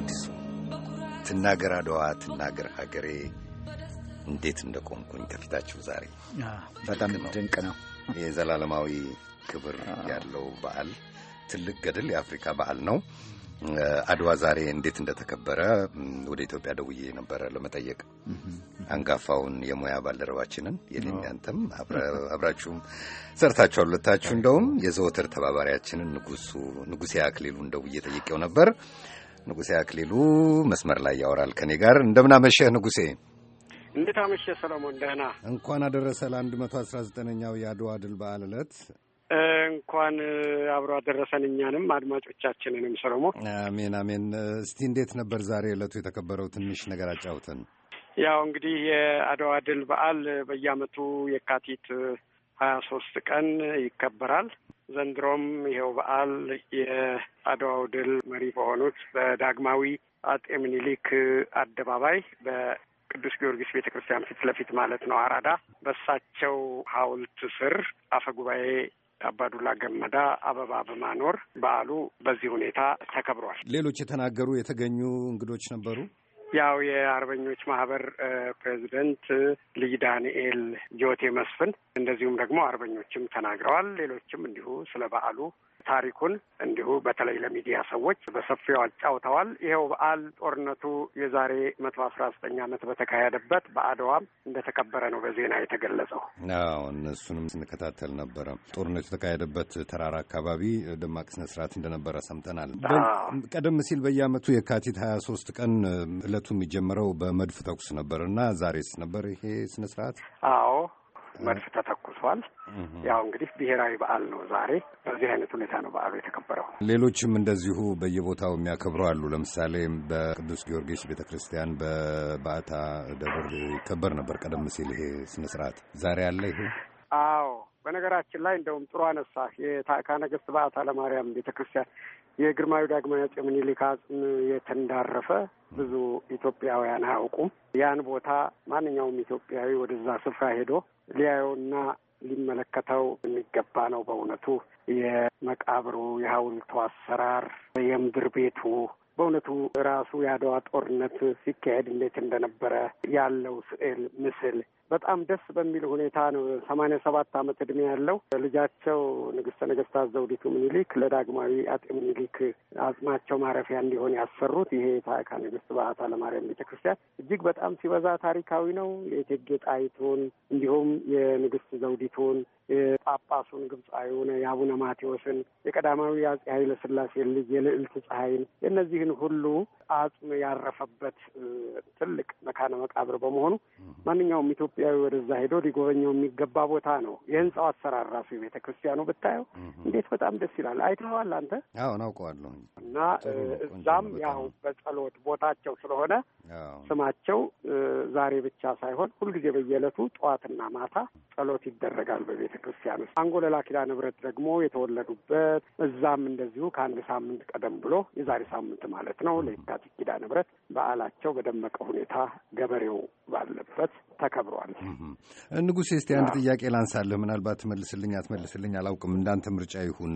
አዲሱ ትናገር አድዋ ትናገር ሀገሬ እንዴት እንደ ቆምኩኝ ከፊታችሁ ዛሬ በጣም ድንቅ ነው። የዘላለማዊ ክብር ያለው በዓል ትልቅ ገድል የአፍሪካ በዓል ነው። አድዋ ዛሬ እንዴት እንደተከበረ ወደ ኢትዮጵያ ደውዬ ነበረ ለመጠየቅ አንጋፋውን የሙያ ባልደረባችንን የኔናንተም አብራችሁም ሰርታችኋል ሁለታችሁ። እንደውም የዘወትር ተባባሪያችንን ንጉሱ ንጉሴ አክሊሉን እንደውዬ ጠይቄው ነበር። ንጉሴ አክሊሉ መስመር ላይ ያወራል ከኔ ጋር። እንደምናመሸህ ንጉሴ። እንዴት አመሸህ ሰለሞን? ደህና። እንኳን አደረሰ ለአንድ መቶ አስራ ዘጠነኛው የአድዋ ድል በዓል ዕለት እንኳን አብሮ አደረሰን እኛንም አድማጮቻችንንም። ሰለሞን አሜን አሜን። እስቲ እንዴት ነበር ዛሬ ዕለቱ የተከበረው? ትንሽ ነገር አጫውተን። ያው እንግዲህ የአድዋ ድል በዓል በየአመቱ የካቲት ሀያ ሶስት ቀን ይከበራል። ዘንድሮም ይኸው በዓል የአድዋው ድል መሪ በሆኑት በዳግማዊ አጤ ምኒልክ አደባባይ በቅዱስ ጊዮርጊስ ቤተ ክርስቲያን ፊት ለፊት ማለት ነው አራዳ በሳቸው ሐውልት ስር አፈ ጉባኤ አባዱላ ገመዳ አበባ በማኖር በዓሉ በዚህ ሁኔታ ተከብሯል። ሌሎች የተናገሩ የተገኙ እንግዶች ነበሩ። ያው የአርበኞች ማህበር ፕሬዚደንት ልጅ ዳንኤል ጆቴ መስፍን እንደዚሁም ደግሞ አርበኞችም ተናግረዋል። ሌሎችም እንዲሁ ስለ በዓሉ ታሪኩን እንዲሁ በተለይ ለሚዲያ ሰዎች በሰፊው አጫውተዋል። ይኸው በዓል ጦርነቱ የዛሬ መቶ አስራ ዘጠኝ ዓመት በተካሄደበት በአድዋም እንደተከበረ ነው በዜና የተገለጸው። አዎ እነሱንም ስንከታተል ነበረ። ጦርነቱ የተካሄደበት ተራራ አካባቢ ደማቅ ስነ ስርዓት እንደነበረ ሰምተናል። ቀደም ሲል በየዓመቱ የካቲት ሀያ ሶስት ቀን እለቱ የሚጀምረው በመድፍ ተኩስ ነበር እና ዛሬስ ነበር ይሄ ስነ ስርዓት? አዎ መድፍ ተተኩ ደርሷል። ያው እንግዲህ ብሔራዊ በዓል ነው ዛሬ። በዚህ አይነት ሁኔታ ነው በዓሉ የተከበረው። ሌሎችም እንደዚሁ በየቦታው የሚያከብሩ አሉ። ለምሳሌ በቅዱስ ጊዮርጊስ ቤተ ክርስቲያን በባዕታ ደብር ይከበር ነበር ቀደም ሲል ይሄ ስነ ስርዓት ዛሬ አለ ይሄ አዎ በነገራችን ላይ እንደውም ጥሩ አነሳ። የታዕካ ነገስት በዓታ ለማርያም ቤተ ክርስቲያን የግርማዊ ዳግማዊ አፄ ምኒልክ አጽም የት እንዳረፈ ብዙ ኢትዮጵያውያን አያውቁም። ያን ቦታ ማንኛውም ኢትዮጵያዊ ወደዛ ስፍራ ሄዶ ሊያየውና ሊመለከተው የሚገባ ነው። በእውነቱ የመቃብሩ የሐውልቱ አሰራር፣ የምድር ቤቱ በእውነቱ ራሱ የአድዋ ጦርነት ሲካሄድ እንዴት እንደነበረ ያለው ስዕል ምስል በጣም ደስ በሚል ሁኔታ ነው ሰማንያ ሰባት ዓመት እድሜ ያለው ልጃቸው ንግስተ ነገስታት ዘውዲቱ ምኒሊክ ለዳግማዊ አጤ ምኒሊክ አጽማቸው ማረፊያ እንዲሆን ያሰሩት ይሄ የታዕካ ንግስት በዓታ ለማርያም ቤተ ክርስቲያን እጅግ በጣም ሲበዛ ታሪካዊ ነው። የእቴጌ ጣይቱን እንዲሁም የንግስት ዘውዲቱን የጳጳሱን ግብፃዊውን የአቡነ ማቴዎስን የቀዳማዊ አጼ ኃይለ ስላሴ ልጅ የልዕልት ፀሐይን የእነዚህን ሁሉ አጽም ያረፈበት ትልቅ መካነ መቃብር በመሆኑ ማንኛውም ኢትዮጵያ ኢትዮጵያዊ ወደዛ ሄዶ ሊጎበኘው የሚገባ ቦታ ነው። የህንፃው አሰራር ራሱ የቤተ ክርስቲያኑ ብታየው እንዴት በጣም ደስ ይላል። አይተኸዋል አንተ? አዎ አውቀዋለሁ። እና እዛም ያው በጸሎት ቦታቸው ስለሆነ ስማቸው ዛሬ ብቻ ሳይሆን ሁልጊዜ በየዕለቱ ጠዋትና ማታ ጸሎት ይደረጋል በቤተ ክርስቲያን ውስጥ። አንጎለላ ኪዳነ ደግሞ የተወለዱበት እዛም እንደዚሁ ከአንድ ሳምንት ቀደም ብሎ የዛሬ ሳምንት ማለት ነው ለየካቲት ኪዳነ ምሕረት በዓላቸው በደመቀ ሁኔታ ገበሬው ባለበት ተከብሯል። ንጉሴ፣ እስቲ አንድ ጥያቄ ላንሳልህ። ምናልባት ትመልስልኝ አትመልስልኝ አላውቅም፣ እንዳንተ ምርጫ ይሁን።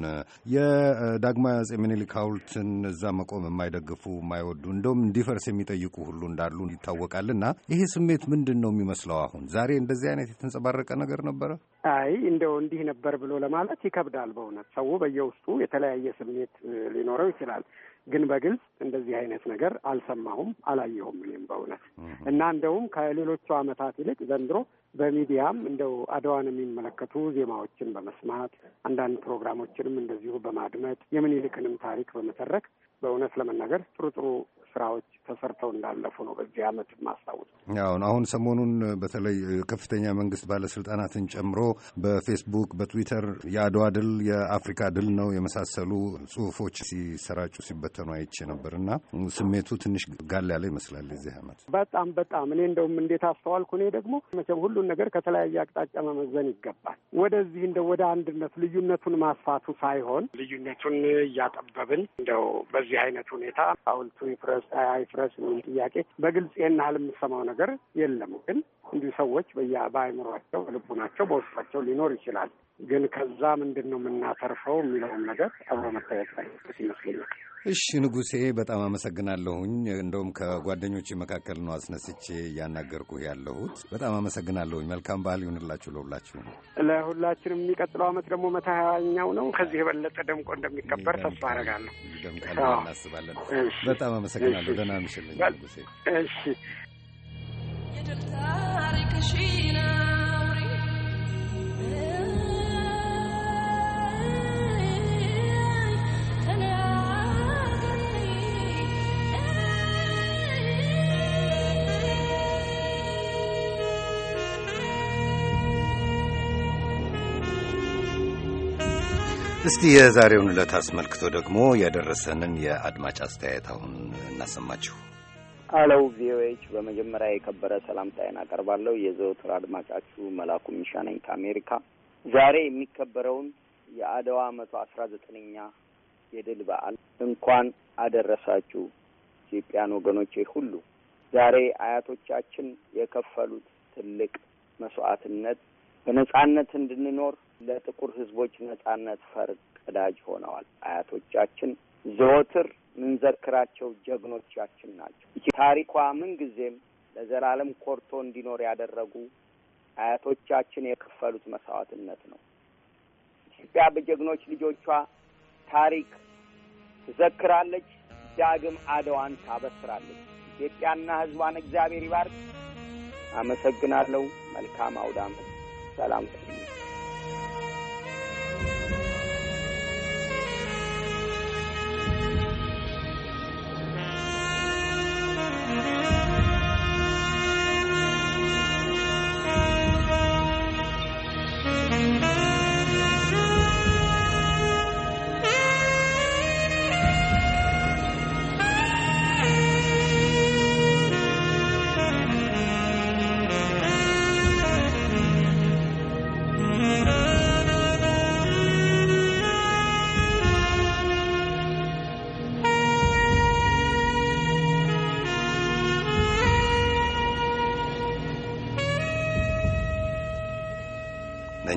የዳግማዊ አጼ ምኒልክ ሐውልትን እዛ መቆም የማይደግፉ የማይወዱ፣ እንደውም እንዲፈርስ የሚጠይቁ ሁሉ እንዳሉ ይታወቃል። እና ይሄ ስሜት ምንድን ነው የሚመስለው አሁን ዛሬ? እንደዚህ አይነት የተንጸባረቀ ነገር ነበረ? አይ እንደው እንዲህ ነበር ብሎ ለማለት ይከብዳል። በእውነት ሰው በየውስጡ የተለያየ ስሜት ሊኖረው ይችላል። ግን በግልጽ እንደዚህ አይነት ነገር አልሰማሁም፣ አላየሁም እኔም በእውነት እና እንደውም ከሌሎቹ ዓመታት ይልቅ ዘንድሮ በሚዲያም እንደው አድዋን የሚመለከቱ ዜማዎችን በመስማት አንዳንድ ፕሮግራሞችንም እንደዚሁ በማድመጥ የምኒልክንም ታሪክ በመተረክ በእውነት ለመናገር ጥሩ ጥሩ ስራዎች ተሰርተው እንዳለፉ ነው በዚህ አመት ማስታወስ። አሁን አሁን ሰሞኑን በተለይ ከፍተኛ መንግስት ባለስልጣናትን ጨምሮ በፌስቡክ በትዊተር የአድዋ ድል የአፍሪካ ድል ነው የመሳሰሉ ጽሁፎች ሲሰራጩ ሲበተኑ አይቼ ነበር እና ስሜቱ ትንሽ ጋል ያለ ይመስላል የዚህ አመት። በጣም በጣም። እኔ እንደውም እንዴት አስተዋልኩ እኔ ደግሞ መቼም ሁሉን ነገር ከተለያየ አቅጣጫ መመዘን ይገባል። ወደዚህ እንደ ወደ አንድነት ልዩነቱን ማስፋቱ ሳይሆን ልዩነቱን እያጠበብን እንደው በዚህ አይነት ሁኔታ ሐውልቱ ይፍረስ አይፍረስ የሚል ጥያቄ በግልጽ ይህን ያህል የምሰማው ነገር የለም። ግን እንዲሁ ሰዎች በያ በአእምሯቸው፣ በልቡናቸው፣ በውስጣቸው ሊኖር ይችላል። ግን ከዛ ምንድን ነው የምናተርፈው የሚለውም ነገር አብሮ መታየት ላይ ይመስለኛል። እሺ ንጉሴ በጣም አመሰግናለሁኝ። እንደውም ከጓደኞች መካከል ነው አስነስቼ እያናገርኩ ያለሁት። በጣም አመሰግናለሁኝ። መልካም ባህል ይሁንላችሁ ለሁላችሁ ለሁላችንም። የሚቀጥለው አመት ደግሞ መቶ ሀያኛው ነው። ከዚህ የበለጠ ደምቆ እንደሚከበር ተስፋ አደርጋለሁ። ደምቃል እናስባለን። በጣም አመሰግናለሁ። ደህና ምሽልኝ ንጉሴ። እሺ የድር ታሪክ ሺና እስቲ የዛሬውን ዕለት አስመልክቶ ደግሞ ያደረሰንን የአድማጭ አስተያየት አሁን እናሰማችሁ። አለው ቪኦኤች በመጀመሪያ የከበረ ሰላምታዬን አቀርባለሁ። የዘወትር አድማጫችሁ መላኩ ሚሻ ነኝ ከአሜሪካ። ዛሬ የሚከበረውን የአድዋ መቶ አስራ ዘጠነኛ የድል በዓል እንኳን አደረሳችሁ ኢትዮጵያን ወገኖቼ ሁሉ። ዛሬ አያቶቻችን የከፈሉት ትልቅ መስዋዕትነት በነጻነት እንድንኖር ለጥቁር ህዝቦች ነጻነት ፈርቅ ቀዳጅ ሆነዋል። አያቶቻችን ዘወትር ምንዘክራቸው ጀግኖቻችን ናቸው። ታሪኳ ምንጊዜም ለዘላለም ኮርቶ እንዲኖር ያደረጉ አያቶቻችን የከፈሉት መስዋዕትነት ነው። ኢትዮጵያ በጀግኖች ልጆቿ ታሪክ ትዘክራለች፣ ዳግም አድዋን ታበስራለች። ኢትዮጵያና ህዝቧን እግዚአብሔር ይባርክ። አመሰግናለሁ። መልካም አውደ ሰላም ሰላም።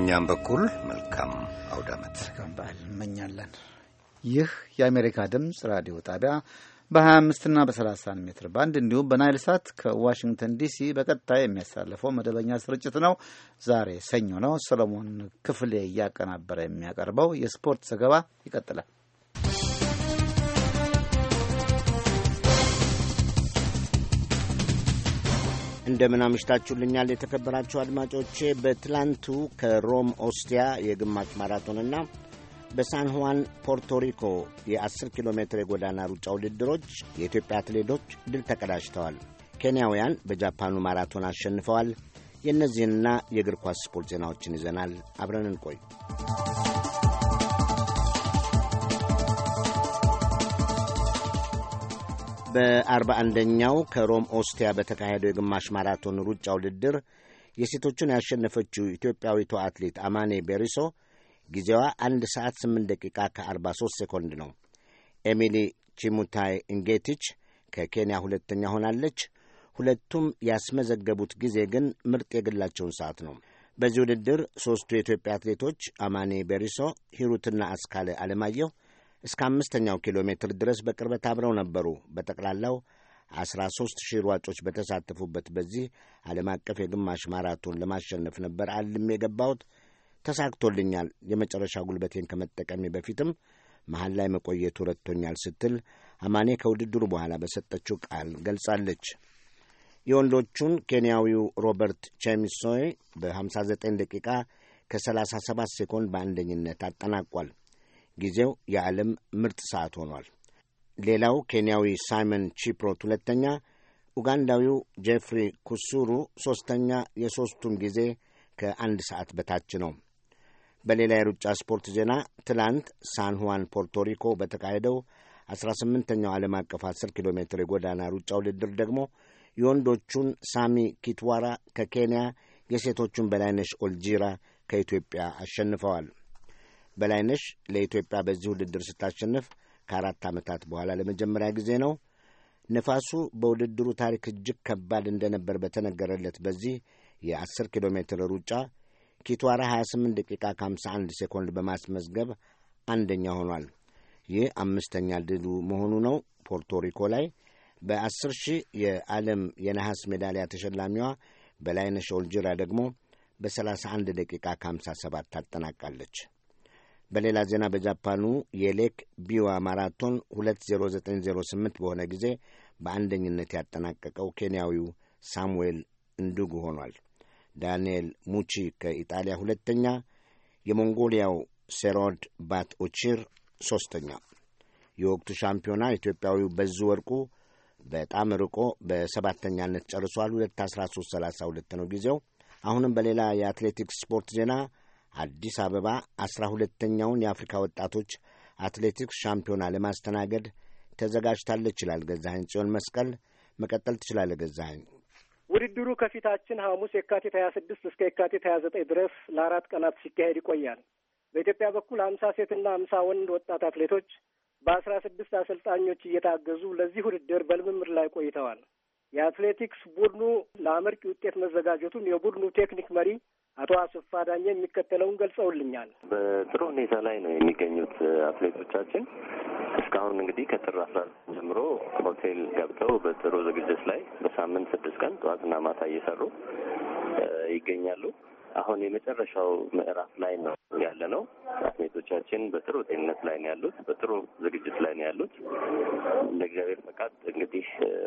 በእኛም በኩል መልካም አውደ ዓመት በዓል እንመኛለን። ይህ የአሜሪካ ድምፅ ራዲዮ ጣቢያ በ25ና በ 30 ሜትር ባንድ እንዲሁም በናይል ሳት ከዋሽንግተን ዲሲ በቀጥታ የሚያሳልፈው መደበኛ ስርጭት ነው። ዛሬ ሰኞ ነው። ሰለሞን ክፍሌ እያቀናበረ የሚያቀርበው የስፖርት ዘገባ ይቀጥላል። እንደምን አምሽታችሁልኛል የተከበራችሁ አድማጮቼ። በትላንቱ ከሮም ኦስቲያ የግማሽ ማራቶንና በሳን ሁዋን ፖርቶሪኮ የ10 ኪሎ ሜትር የጎዳና ሩጫ ውድድሮች የኢትዮጵያ አትሌቶች ድል ተቀዳጅተዋል። ኬንያውያን በጃፓኑ ማራቶን አሸንፈዋል። የእነዚህንና የእግር ኳስ ስፖርት ዜናዎችን ይዘናል። አብረን እንቆይ። በአርባ 41 ከሮም ኦስቲያ በተካሄደው የግማሽ ማራቶን ሩጫ ውድድር የሴቶቹን ያሸነፈችው ኢትዮጵያዊቷ አትሌት አማኔ ቤሪሶ ጊዜዋ 1 ሰዓት 8 ደቂቃ ከ43 ሴኮንድ ነው። ኤሚሊ ቺሙታይ እንጌቲች ከኬንያ ሁለተኛ ሆናለች። ሁለቱም ያስመዘገቡት ጊዜ ግን ምርጥ የግላቸውን ሰዓት ነው። በዚህ ውድድር ሦስቱ የኢትዮጵያ አትሌቶች አማኔ ቤሪሶ፣ ሂሩትና አስካለ አለማየሁ እስከ አምስተኛው ኪሎ ሜትር ድረስ በቅርበት አብረው ነበሩ። በጠቅላላው ሦስት ሺህ ሯጮች በተሳተፉበት በዚህ ዓለም አቀፍ የግማሽ ማራቶን ለማሸነፍ ነበር አልም የገባሁት። ተሳክቶልኛል። የመጨረሻ ጉልበቴን ከመጠቀሜ በፊትም መሀል ላይ መቆየቱ ረድቶኛል ስትል አማኔ ከውድድሩ በኋላ በሰጠችው ቃል ገልጻለች። የወንዶቹን ኬንያዊው ሮበርት ቼሚሶይ በ59 ደቂቃ ከ37 ሴኮንድ በአንደኝነት አጠናቋል። ጊዜው የዓለም ምርጥ ሰዓት ሆኗል። ሌላው ኬንያዊ ሳይመን ቺፕሮት ሁለተኛ፣ ኡጋንዳዊው ጄፍሪ ኩሱሩ ሦስተኛ፣ የሦስቱም ጊዜ ከአንድ ሰዓት በታች ነው። በሌላ የሩጫ ስፖርት ዜና ትላንት ሳን ሁዋን ፖርቶሪኮ በተካሄደው 18ኛው ዓለም አቀፍ 10 ኪሎ ሜትር የጎዳና ሩጫ ውድድር ደግሞ የወንዶቹን ሳሚ ኪትዋራ ከኬንያ፣ የሴቶቹን በላይነሽ ኦልጂራ ከኢትዮጵያ አሸንፈዋል። በላይነሽ ለኢትዮጵያ በዚህ ውድድር ስታሸንፍ ከአራት ዓመታት በኋላ ለመጀመሪያ ጊዜ ነው። ነፋሱ በውድድሩ ታሪክ እጅግ ከባድ እንደነበር በተነገረለት በዚህ የ10 ኪሎ ሜትር ሩጫ ኪቷራ 28 ደቂቃ ከ51 ሴኮንድ በማስመዝገብ አንደኛ ሆኗል። ይህ አምስተኛ ድሉ መሆኑ ነው። ፖርቶሪኮ ላይ በ10 ሺህ የዓለም የነሐስ ሜዳሊያ ተሸላሚዋ በላይነሽ ኦልጅራ ደግሞ በ31 ደቂቃ ከ57 ታጠናቃለች። በሌላ ዜና በጃፓኑ የሌክ ቢዋ ማራቶን 20908 በሆነ ጊዜ በአንደኝነት ያጠናቀቀው ኬንያዊው ሳሙኤል እንዱጉ ሆኗል። ዳንኤል ሙቺ ከኢጣሊያ ሁለተኛ፣ የሞንጎሊያው ሴሮድ ባት ኦቺር ሦስተኛ። የወቅቱ ሻምፒዮና ኢትዮጵያዊው በዙ ወርቁ በጣም ርቆ በሰባተኛነት ጨርሷል። 21332 ነው ጊዜው። አሁንም በሌላ የአትሌቲክስ ስፖርት ዜና አዲስ አበባ አስራ ሁለተኛውን የአፍሪካ ወጣቶች አትሌቲክስ ሻምፒዮና ለማስተናገድ ተዘጋጅታለች ይላል ገዛኸኝ ጽዮን መስቀል። መቀጠል ትችላለህ ገዛኸኝ። ውድድሩ ከፊታችን ሐሙስ የካቲት ሀያ ስድስት እስከ የካቲት ሀያ ዘጠኝ ድረስ ለአራት ቀናት ሲካሄድ ይቆያል። በኢትዮጵያ በኩል ሀምሳ ሴትና ሀምሳ ወንድ ወጣት አትሌቶች በአስራ ስድስት አሰልጣኞች እየታገዙ ለዚህ ውድድር በልምምድ ላይ ቆይተዋል። የአትሌቲክስ ቡድኑ ለአመርቂ ውጤት መዘጋጀቱን የቡድኑ ቴክኒክ መሪ አቶ አስፋ ዳኘ የሚከተለውን ገልጸውልኛል። በጥሩ ሁኔታ ላይ ነው የሚገኙት አትሌቶቻችን። እስካሁን እንግዲህ ከጥር አስራ ጀምሮ ሆቴል ገብተው በጥሩ ዝግጅት ላይ በሳምንት ስድስት ቀን ጠዋትና ማታ እየሰሩ ይገኛሉ። አሁን የመጨረሻው ምዕራፍ ላይ ነው ያለ ነው። አትሌቶቻችን በጥሩ ጤንነት ላይ ነው ያሉት፣ በጥሩ ዝግጅት ላይ ነው ያሉት። እንደ እግዚአብሔር ፈቃድ እንግዲህ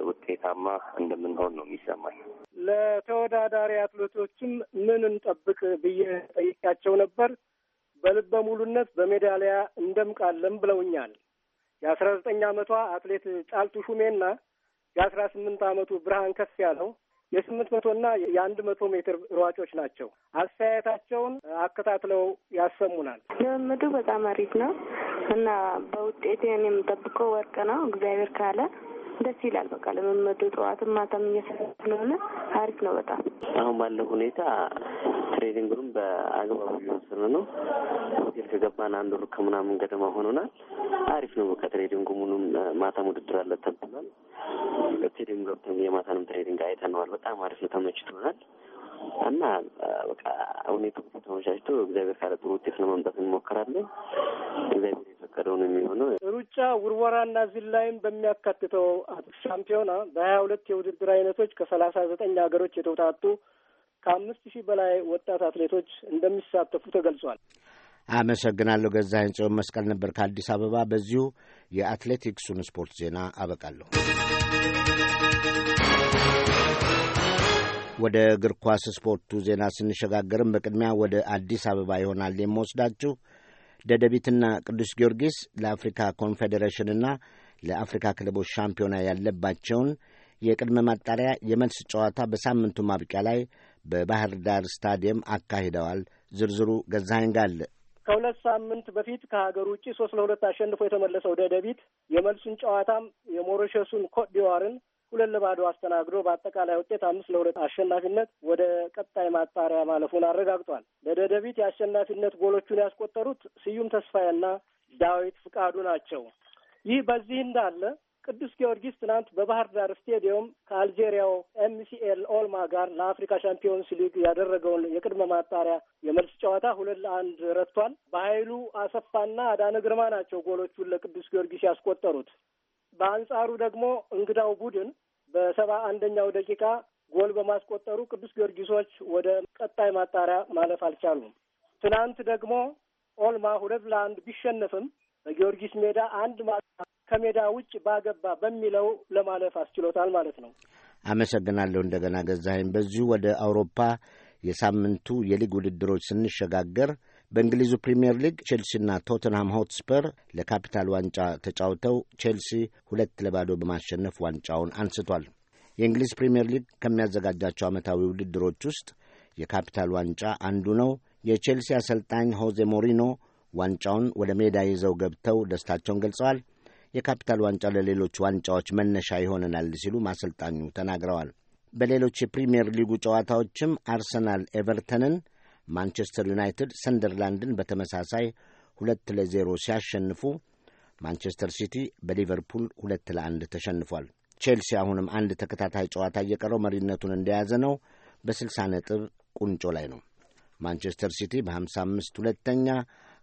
ውጤታማ እንደምንሆን ነው የሚሰማኝ። ለተወዳዳሪ አትሌቶችም ምን እንጠብቅ ብዬ ጠይቄያቸው ነበር። በልበ ሙሉነት በሜዳሊያ እንደምቃለም ብለውኛል። የአስራ ዘጠኝ ዓመቷ አትሌት ጫልቱ ሹሜና የአስራ ስምንት ዓመቱ ብርሃን ከፍ ያለው የስምንት መቶ እና የአንድ መቶ ሜትር ሯጮች ናቸው። አስተያየታቸውን አከታትለው ያሰሙናል። ልምዱ በጣም አሪፍ ነው እና በውጤት የምጠብቀው ወርቅ ነው እግዚአብሔር ካለ ደስ ይላል። በቃ ለመመዱ ጠዋትም ማታም እየሰራ ስለሆነ አሪፍ ነው በጣም አሁን ባለው ሁኔታ ትሬኒንጉንም በአግባቡ እየወሰነ ነው። ሆቴል ከገባን አንድ ወር ከምናምን ገደማ ሆኖናል። አሪፍ ነው በቃ ትሬኒንጉ ምኑም ማታም ውድድር አለ ተብሏል። ትሬኒንግ ገብተን የማታንም ትሬኒንግ አይተነዋል። በጣም አሪፍ ነው፣ ተመችቶናል። እና በቃ ሁኔታ ተመቻችቶ እግዚአብሔር ካለ ጥሩ ውጤት ለማምጣት እንሞክራለን። እግዚአብሔር የፈቀደው ነው የሚሆነው ሩጫ፣ ውርወራና ዝላይም በሚያካትተው ሻምፒዮና በሀያ ሁለት የውድድር አይነቶች ከሰላሳ ዘጠኝ ሀገሮች የተውጣጡ ከአምስት ሺህ በላይ ወጣት አትሌቶች እንደሚሳተፉ ተገልጿል። አመሰግናለሁ። ገዛ ጽዮን መስቀል ነበር ከአዲስ አበባ። በዚሁ የአትሌቲክሱን ስፖርት ዜና አበቃለሁ። ወደ እግር ኳስ ስፖርቱ ዜና ስንሸጋገርም በቅድሚያ ወደ አዲስ አበባ ይሆናል የምወስዳችሁ። ደደቢትና ቅዱስ ጊዮርጊስ ለአፍሪካ ኮንፌዴሬሽንና ለአፍሪካ ክለቦች ሻምፒዮና ያለባቸውን የቅድመ ማጣሪያ የመልስ ጨዋታ በሳምንቱ ማብቂያ ላይ በባህር ዳር ስታዲየም አካሂደዋል። ዝርዝሩ ገዛኸኝ ጋለ ከሁለት ሳምንት በፊት ከሀገር ውጭ ሶስት ለሁለት አሸንፎ የተመለሰው ደደቢት የመልሱን ጨዋታም የሞሮሸሱን ኮትዲዋርን ሁለት ለባዶ አስተናግዶ በአጠቃላይ ውጤት አምስት ለሁለት አሸናፊነት ወደ ቀጣይ ማጣሪያ ማለፉን አረጋግጧል። ለደደቢት የአሸናፊነት ጎሎቹን ያስቆጠሩት ስዩም ተስፋዬና ዳዊት ፍቃዱ ናቸው። ይህ በዚህ እንዳለ ቅዱስ ጊዮርጊስ ትናንት በባህር ዳር ስቴዲየም ከአልጄሪያው ኤምሲኤል ኦልማ ጋር ለአፍሪካ ሻምፒዮንስ ሊግ ያደረገውን የቅድመ ማጣሪያ የመልስ ጨዋታ ሁለት ለአንድ ረትቷል። በኃይሉ አሰፋና አዳነ ግርማ ናቸው ጎሎቹን ለቅዱስ ጊዮርጊስ ያስቆጠሩት። በአንጻሩ ደግሞ እንግዳው ቡድን በሰባ አንደኛው ደቂቃ ጎል በማስቆጠሩ ቅዱስ ጊዮርጊሶች ወደ ቀጣይ ማጣሪያ ማለፍ አልቻሉም። ትናንት ደግሞ ኦልማ ሁለት ለአንድ ቢሸነፍም በጊዮርጊስ ሜዳ አንድ ከሜዳ ውጭ ባገባ በሚለው ለማለፍ አስችሎታል ማለት ነው። አመሰግናለሁ። እንደገና ገዛኸኝ። በዚሁ ወደ አውሮፓ የሳምንቱ የሊግ ውድድሮች ስንሸጋገር በእንግሊዙ ፕሪምየር ሊግ ቼልሲና ቶተንሃም ሆትስፐር ለካፒታል ዋንጫ ተጫውተው ቼልሲ ሁለት ለባዶ በማሸነፍ ዋንጫውን አንስቷል። የእንግሊዝ ፕሪምየር ሊግ ከሚያዘጋጃቸው ዓመታዊ ውድድሮች ውስጥ የካፒታል ዋንጫ አንዱ ነው። የቼልሲ አሰልጣኝ ሆዜ ሞሪኖ ዋንጫውን ወደ ሜዳ ይዘው ገብተው ደስታቸውን ገልጸዋል። የካፒታል ዋንጫ ለሌሎች ዋንጫዎች መነሻ ይሆነናል ሲሉ አሰልጣኙ ተናግረዋል። በሌሎች የፕሪምየር ሊጉ ጨዋታዎችም አርሰናል ኤቨርተንን ማንቸስተር ዩናይትድ ሰንደርላንድን በተመሳሳይ ሁለት ለዜሮ ሲያሸንፉ ማንቸስተር ሲቲ በሊቨርፑል ሁለት ለአንድ ተሸንፏል። ቼልሲ አሁንም አንድ ተከታታይ ጨዋታ እየቀረው መሪነቱን እንደያዘ ነው። በ 60 ነጥብ ቁንጮ ላይ ነው። ማንቸስተር ሲቲ በ55 ሁለተኛ፣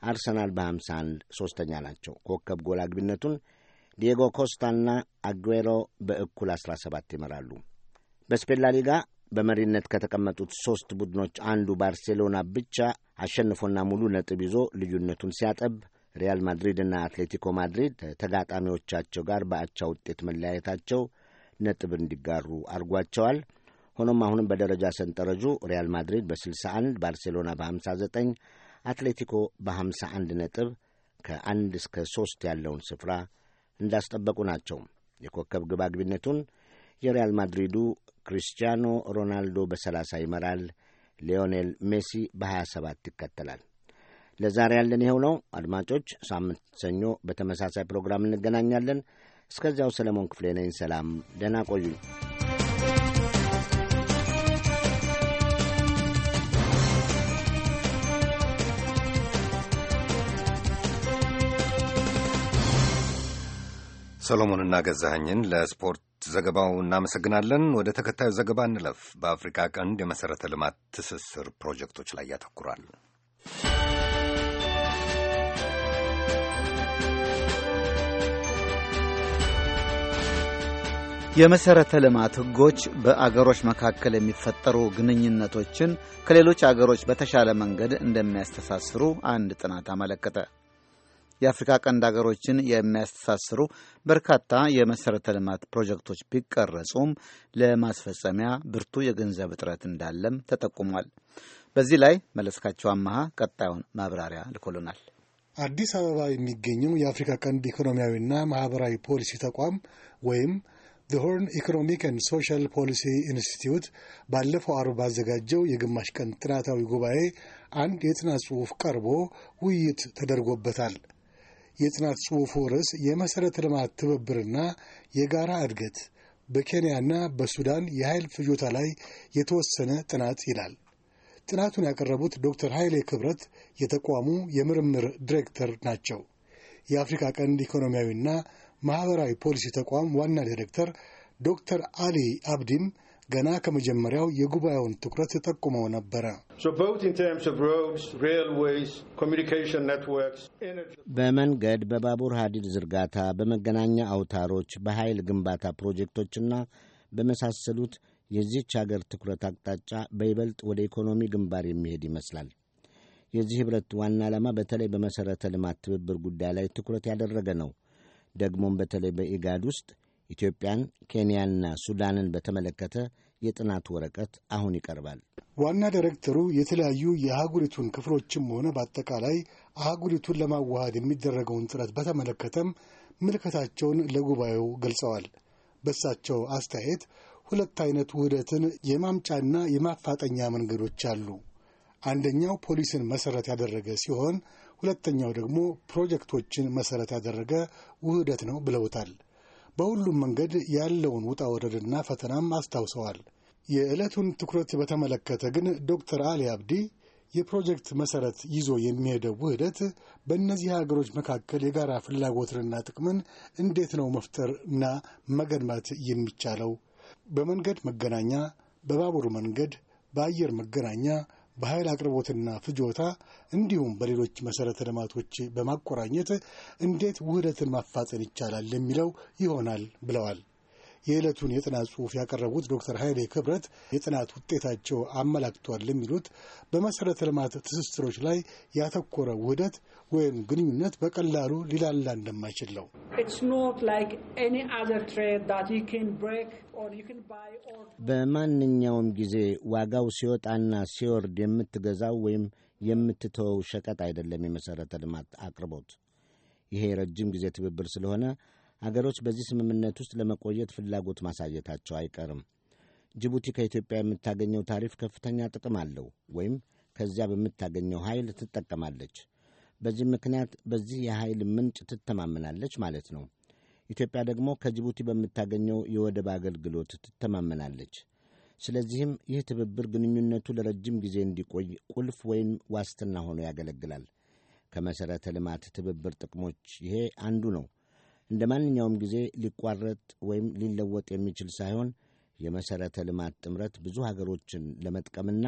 አርሰናል በ51 ሦስተኛ ናቸው። ኮከብ ጎል አግቢነቱን ዲየጎ ኮስታና አጉዌሮ በእኩል 17 ይመራሉ። በስፔን በመሪነት ከተቀመጡት ሦስት ቡድኖች አንዱ ባርሴሎና ብቻ አሸንፎና ሙሉ ነጥብ ይዞ ልዩነቱን ሲያጠብ ሪያል ማድሪድና አትሌቲኮ ማድሪድ ተጋጣሚዎቻቸው ጋር በአቻ ውጤት መለያየታቸው ነጥብ እንዲጋሩ አድርጓቸዋል። ሆኖም አሁንም በደረጃ ሰንጠረዡ ሪያል ማድሪድ በ61 ባርሴሎና በ59 አትሌቲኮ በ51 ነጥብ ከአንድ እስከ ሦስት ያለውን ስፍራ እንዳስጠበቁ ናቸው። የኮከብ ግባግቢነቱን የሪያል ማድሪዱ ክሪስቲያኖ ሮናልዶ በሰላሳ ይመራል። ሊዮኔል ሜሲ በ27 ይከተላል። ለዛሬ ያለን ይኸው ነው። አድማጮች፣ ሳምንት ሰኞ በተመሳሳይ ፕሮግራም እንገናኛለን። እስከዚያው ሰለሞን ክፍሌ ነኝ። ሰላም፣ ደህና ቆዩ ሰሎሞንና ገዛኸኝን ለስፖርት ዘገባው እናመሰግናለን። ወደ ተከታዩ ዘገባ እንለፍ። በአፍሪካ ቀንድ የመሠረተ ልማት ትስስር ፕሮጀክቶች ላይ ያተኩራል። የመሠረተ ልማት ሕጎች በአገሮች መካከል የሚፈጠሩ ግንኙነቶችን ከሌሎች አገሮች በተሻለ መንገድ እንደሚያስተሳስሩ አንድ ጥናት አመለከተ። የአፍሪካ ቀንድ አገሮችን የሚያስተሳስሩ በርካታ የመሠረተ ልማት ፕሮጀክቶች ቢቀረጹም ለማስፈጸሚያ ብርቱ የገንዘብ እጥረት እንዳለም ተጠቁሟል። በዚህ ላይ መለስካቸው አመሃ ቀጣዩን ማብራሪያ ልኮልናል። አዲስ አበባ የሚገኘው የአፍሪካ ቀንድ ኢኮኖሚያዊና ማህበራዊ ፖሊሲ ተቋም ወይም ሆርን ኢኮኖሚክ ኤንድ ሶሻል ፖሊሲ ኢንስቲትዩት ባለፈው አርብ ባዘጋጀው የግማሽ ቀን ጥናታዊ ጉባኤ አንድ የጥናት ጽሑፍ ቀርቦ ውይይት ተደርጎበታል። የጥናት ጽሑፉ ርዕስ የመሠረተ ልማት ትብብርና የጋራ እድገት በኬንያና በሱዳን የኃይል ፍጆታ ላይ የተወሰነ ጥናት ይላል። ጥናቱን ያቀረቡት ዶክተር ኃይሌ ክብረት የተቋሙ የምርምር ዲሬክተር ናቸው። የአፍሪካ ቀንድ ኢኮኖሚያዊና ማኅበራዊ ፖሊሲ ተቋም ዋና ዲሬክተር ዶክተር አሊ አብዲም ገና ከመጀመሪያው የጉባኤውን ትኩረት ጠቁመው ነበረ። በመንገድ በባቡር ሀዲድ ዝርጋታ፣ በመገናኛ አውታሮች፣ በኃይል ግንባታ ፕሮጀክቶችና በመሳሰሉት የዚች አገር ትኩረት አቅጣጫ በይበልጥ ወደ ኢኮኖሚ ግንባር የሚሄድ ይመስላል። የዚህ ኅብረት ዋና ዓላማ በተለይ በመሠረተ ልማት ትብብር ጉዳይ ላይ ትኩረት ያደረገ ነው። ደግሞም በተለይ በኢጋድ ውስጥ ኢትዮጵያን፣ ኬንያና ሱዳንን በተመለከተ የጥናት ወረቀት አሁን ይቀርባል። ዋና ዳይሬክተሩ የተለያዩ የአህጉሪቱን ክፍሎችም ሆነ በአጠቃላይ አህጉሪቱን ለማዋሃድ የሚደረገውን ጥረት በተመለከተም ምልከታቸውን ለጉባኤው ገልጸዋል። በእሳቸው አስተያየት ሁለት አይነት ውህደትን የማምጫና የማፋጠኛ መንገዶች አሉ። አንደኛው ፖሊስን መሰረት ያደረገ ሲሆን፣ ሁለተኛው ደግሞ ፕሮጀክቶችን መሰረት ያደረገ ውህደት ነው ብለውታል። በሁሉም መንገድ ያለውን ውጣ ወረድና ፈተናም አስታውሰዋል። የዕለቱን ትኩረት በተመለከተ ግን ዶክተር አሊ አብዲ የፕሮጀክት መሰረት ይዞ የሚሄደው ውህደት በእነዚህ ሀገሮች መካከል የጋራ ፍላጎትንና ጥቅምን እንዴት ነው መፍጠር እና መገንባት የሚቻለው? በመንገድ መገናኛ፣ በባቡር መንገድ፣ በአየር መገናኛ በኃይል አቅርቦትና ፍጆታ እንዲሁም በሌሎች መሠረተ ልማቶች በማቆራኘት እንዴት ውህደትን ማፋጠን ይቻላል የሚለው ይሆናል ብለዋል። የዕለቱን የጥናት ጽሑፍ ያቀረቡት ዶክተር ኃይሌ ክብረት የጥናት ውጤታቸው አመላክቷል የሚሉት በመሠረተ ልማት ትስስሮች ላይ ያተኮረ ውህደት ወይም ግንኙነት በቀላሉ ሊላላ እንደማይችል ነው። በማንኛውም ጊዜ ዋጋው ሲወጣና ሲወርድ የምትገዛው ወይም የምትተወው ሸቀጥ አይደለም። የመሠረተ ልማት አቅርቦት ይሄ ረጅም ጊዜ ትብብር ስለሆነ አገሮች በዚህ ስምምነት ውስጥ ለመቆየት ፍላጎት ማሳየታቸው አይቀርም። ጅቡቲ ከኢትዮጵያ የምታገኘው ታሪፍ ከፍተኛ ጥቅም አለው ወይም ከዚያ በምታገኘው ኃይል ትጠቀማለች። በዚህ ምክንያት በዚህ የኃይል ምንጭ ትተማመናለች ማለት ነው። ኢትዮጵያ ደግሞ ከጅቡቲ በምታገኘው የወደብ አገልግሎት ትተማመናለች። ስለዚህም ይህ ትብብር ግንኙነቱ ለረጅም ጊዜ እንዲቆይ ቁልፍ ወይም ዋስትና ሆኖ ያገለግላል። ከመሠረተ ልማት ትብብር ጥቅሞች ይሄ አንዱ ነው። እንደ ማንኛውም ጊዜ ሊቋረጥ ወይም ሊለወጥ የሚችል ሳይሆን የመሠረተ ልማት ጥምረት ብዙ ሀገሮችን ለመጥቀምና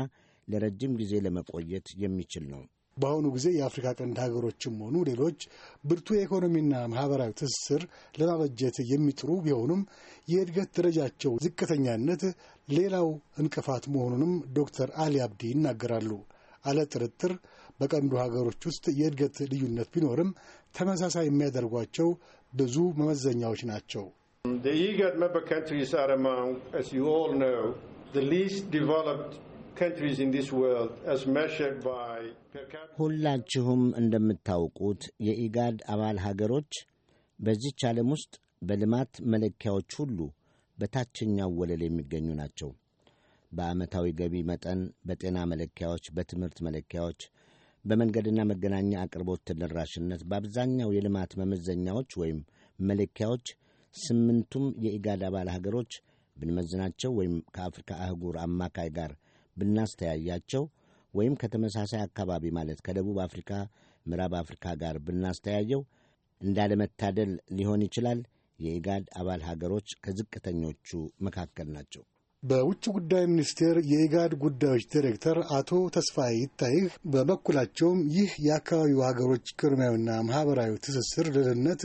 ለረጅም ጊዜ ለመቆየት የሚችል ነው። በአሁኑ ጊዜ የአፍሪካ ቀንድ ሀገሮችም ሆኑ ሌሎች ብርቱ የኢኮኖሚና ማህበራዊ ትስስር ለማበጀት የሚጥሩ ቢሆኑም የእድገት ደረጃቸው ዝቅተኛነት ሌላው እንቅፋት መሆኑንም ዶክተር አሊ አብዲ ይናገራሉ። አለ ጥርጥር በቀንዱ ሀገሮች ውስጥ የእድገት ልዩነት ቢኖርም ተመሳሳይ የሚያደርጓቸው ብዙ መመዘኛዎች ናቸው። ሁላችሁም እንደምታውቁት የኢጋድ አባል ሀገሮች በዚች ዓለም ውስጥ በልማት መለኪያዎች ሁሉ በታችኛው ወለል የሚገኙ ናቸው። በዓመታዊ ገቢ መጠን፣ በጤና መለኪያዎች፣ በትምህርት መለኪያዎች፣ በመንገድና መገናኛ አቅርቦት ተደራሽነት በአብዛኛው የልማት መመዘኛዎች ወይም መለኪያዎች ስምንቱም የኢጋድ አባል ሀገሮች ብንመዝናቸው ወይም ከአፍሪካ አህጉር አማካይ ጋር ብናስተያያቸው ወይም ከተመሳሳይ አካባቢ ማለት ከደቡብ አፍሪካ፣ ምዕራብ አፍሪካ ጋር ብናስተያየው እንዳለመታደል ሊሆን ይችላል የኢጋድ አባል ሀገሮች ከዝቅተኞቹ መካከል ናቸው። በውጭ ጉዳይ ሚኒስቴር የኢጋድ ጉዳዮች ዲሬክተር አቶ ተስፋዬ ይታይህ በበኩላቸውም ይህ የአካባቢው ሀገሮች ኢኮኖሚያዊና ማህበራዊ ትስስር ደህንነት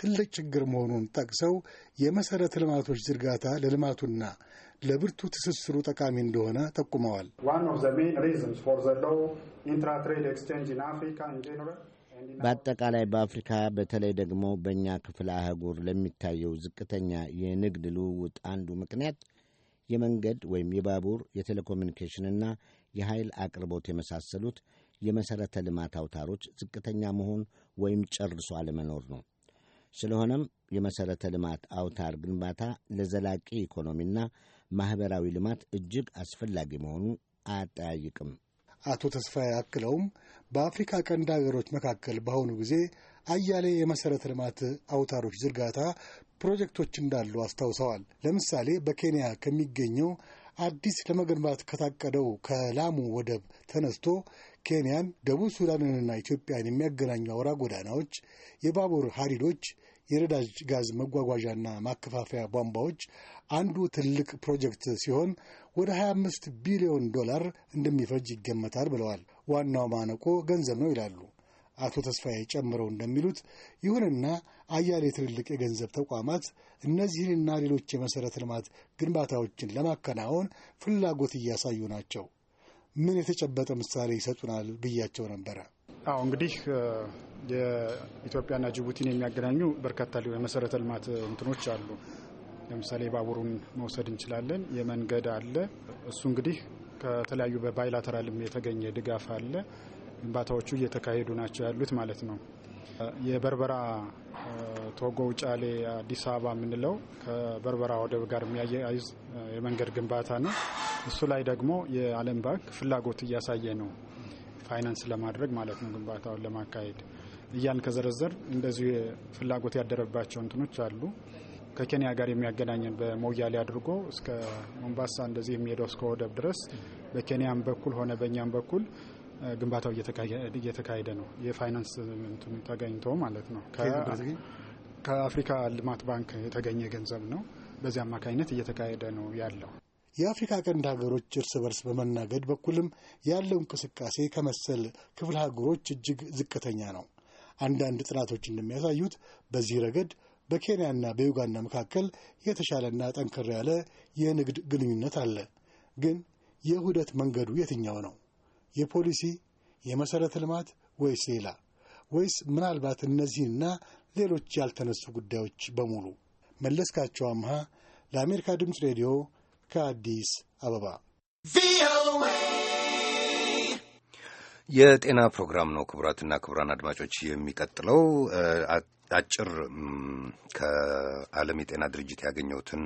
ትልቅ ችግር መሆኑን ጠቅሰው የመሰረተ ልማቶች ዝርጋታ ለልማቱና ለብርቱ ትስስሩ ጠቃሚ እንደሆነ ጠቁመዋል። በአጠቃላይ በአፍሪካ በተለይ ደግሞ በእኛ ክፍለ አህጉር ለሚታየው ዝቅተኛ የንግድ ልውውጥ አንዱ ምክንያት የመንገድ ወይም የባቡር የቴሌኮሚኒኬሽንና የኃይል አቅርቦት የመሳሰሉት የመሠረተ ልማት አውታሮች ዝቅተኛ መሆን ወይም ጨርሶ አለመኖር ነው። ስለሆነም የመሠረተ ልማት አውታር ግንባታ ለዘላቂ ኢኮኖሚና ማኅበራዊ ልማት እጅግ አስፈላጊ መሆኑ አያጠያይቅም። አቶ ተስፋዬ አክለውም በአፍሪካ ቀንድ አገሮች መካከል በአሁኑ ጊዜ አያሌ የመሠረተ ልማት አውታሮች ዝርጋታ ፕሮጀክቶች እንዳሉ አስታውሰዋል። ለምሳሌ በኬንያ ከሚገኘው አዲስ ለመገንባት ከታቀደው ከላሙ ወደብ ተነስቶ ኬንያን፣ ደቡብ ሱዳንንና ኢትዮጵያን የሚያገናኙ አውራ ጎዳናዎች፣ የባቡር ሀዲዶች፣ የነዳጅ ጋዝ መጓጓዣና ማከፋፈያ ቧንቧዎች አንዱ ትልቅ ፕሮጀክት ሲሆን ወደ 25 ቢሊዮን ዶላር እንደሚፈጅ ይገመታል ብለዋል። ዋናው ማነቆ ገንዘብ ነው ይላሉ። አቶ ተስፋዬ ጨምረው እንደሚሉት ይሁንና አያሌ ትልልቅ የገንዘብ ተቋማት እነዚህንና ሌሎች የመሠረተ ልማት ግንባታዎችን ለማከናወን ፍላጎት እያሳዩ ናቸው። ምን የተጨበጠ ምሳሌ ይሰጡናል ብያቸው ነበረ። አዎ እንግዲህ የኢትዮጵያና ጅቡቲን የሚያገናኙ በርካታ የመሠረተ ልማት እንትኖች አሉ። ለምሳሌ የባቡሩን መውሰድ እንችላለን። የመንገድ አለ። እሱ እንግዲህ ከተለያዩ በባይላተራልም የተገኘ ድጋፍ አለ። ግንባታዎቹ እየተካሄዱ ናቸው ያሉት ማለት ነው። የበርበራ ቶጎ ውጫሌ አዲስ አበባ የምንለው ከበርበራ ወደብ ጋር የሚያያይዝ የመንገድ ግንባታ ነው። እሱ ላይ ደግሞ የዓለም ባንክ ፍላጎት እያሳየ ነው፣ ፋይናንስ ለማድረግ ማለት ነው፣ ግንባታውን ለማካሄድ እያን ከዘረዘር እንደዚሁ ፍላጎት ያደረባቸው እንትኖች አሉ። ከኬንያ ጋር የሚያገናኘን በሞያሌ አድርጎ እስከ ሞምባሳ እንደዚህ የሚሄደው እስከ ወደብ ድረስ በኬንያም በኩል ሆነ በእኛም በኩል ግንባታው እየተካሄደ ነው። የፋይናንስ ተገኝቶ ማለት ነው። ከአፍሪካ ልማት ባንክ የተገኘ ገንዘብ ነው። በዚህ አማካኝነት እየተካሄደ ነው ያለው። የአፍሪካ ቀንድ ሀገሮች እርስ በርስ በመናገድ በኩልም ያለው እንቅስቃሴ ከመሰል ክፍለ ሀገሮች እጅግ ዝቅተኛ ነው። አንዳንድ ጥናቶች እንደሚያሳዩት በዚህ ረገድ በኬንያና በዩጋንዳ መካከል የተሻለና ጠንከር ያለ የንግድ ግንኙነት አለ። ግን የውህደት መንገዱ የትኛው ነው? የፖሊሲ የመሠረተ ልማት ወይስ ሌላ ወይስ ምናልባት እነዚህና ሌሎች ያልተነሱ ጉዳዮች በሙሉ? መለስካቸው አምሃ ለአሜሪካ ድምፅ ሬዲዮ ከአዲስ አበባ የጤና ፕሮግራም ነው። ክቡራትና ክቡራን አድማጮች የሚቀጥለው አጭር ከዓለም የጤና ድርጅት ያገኘሁትን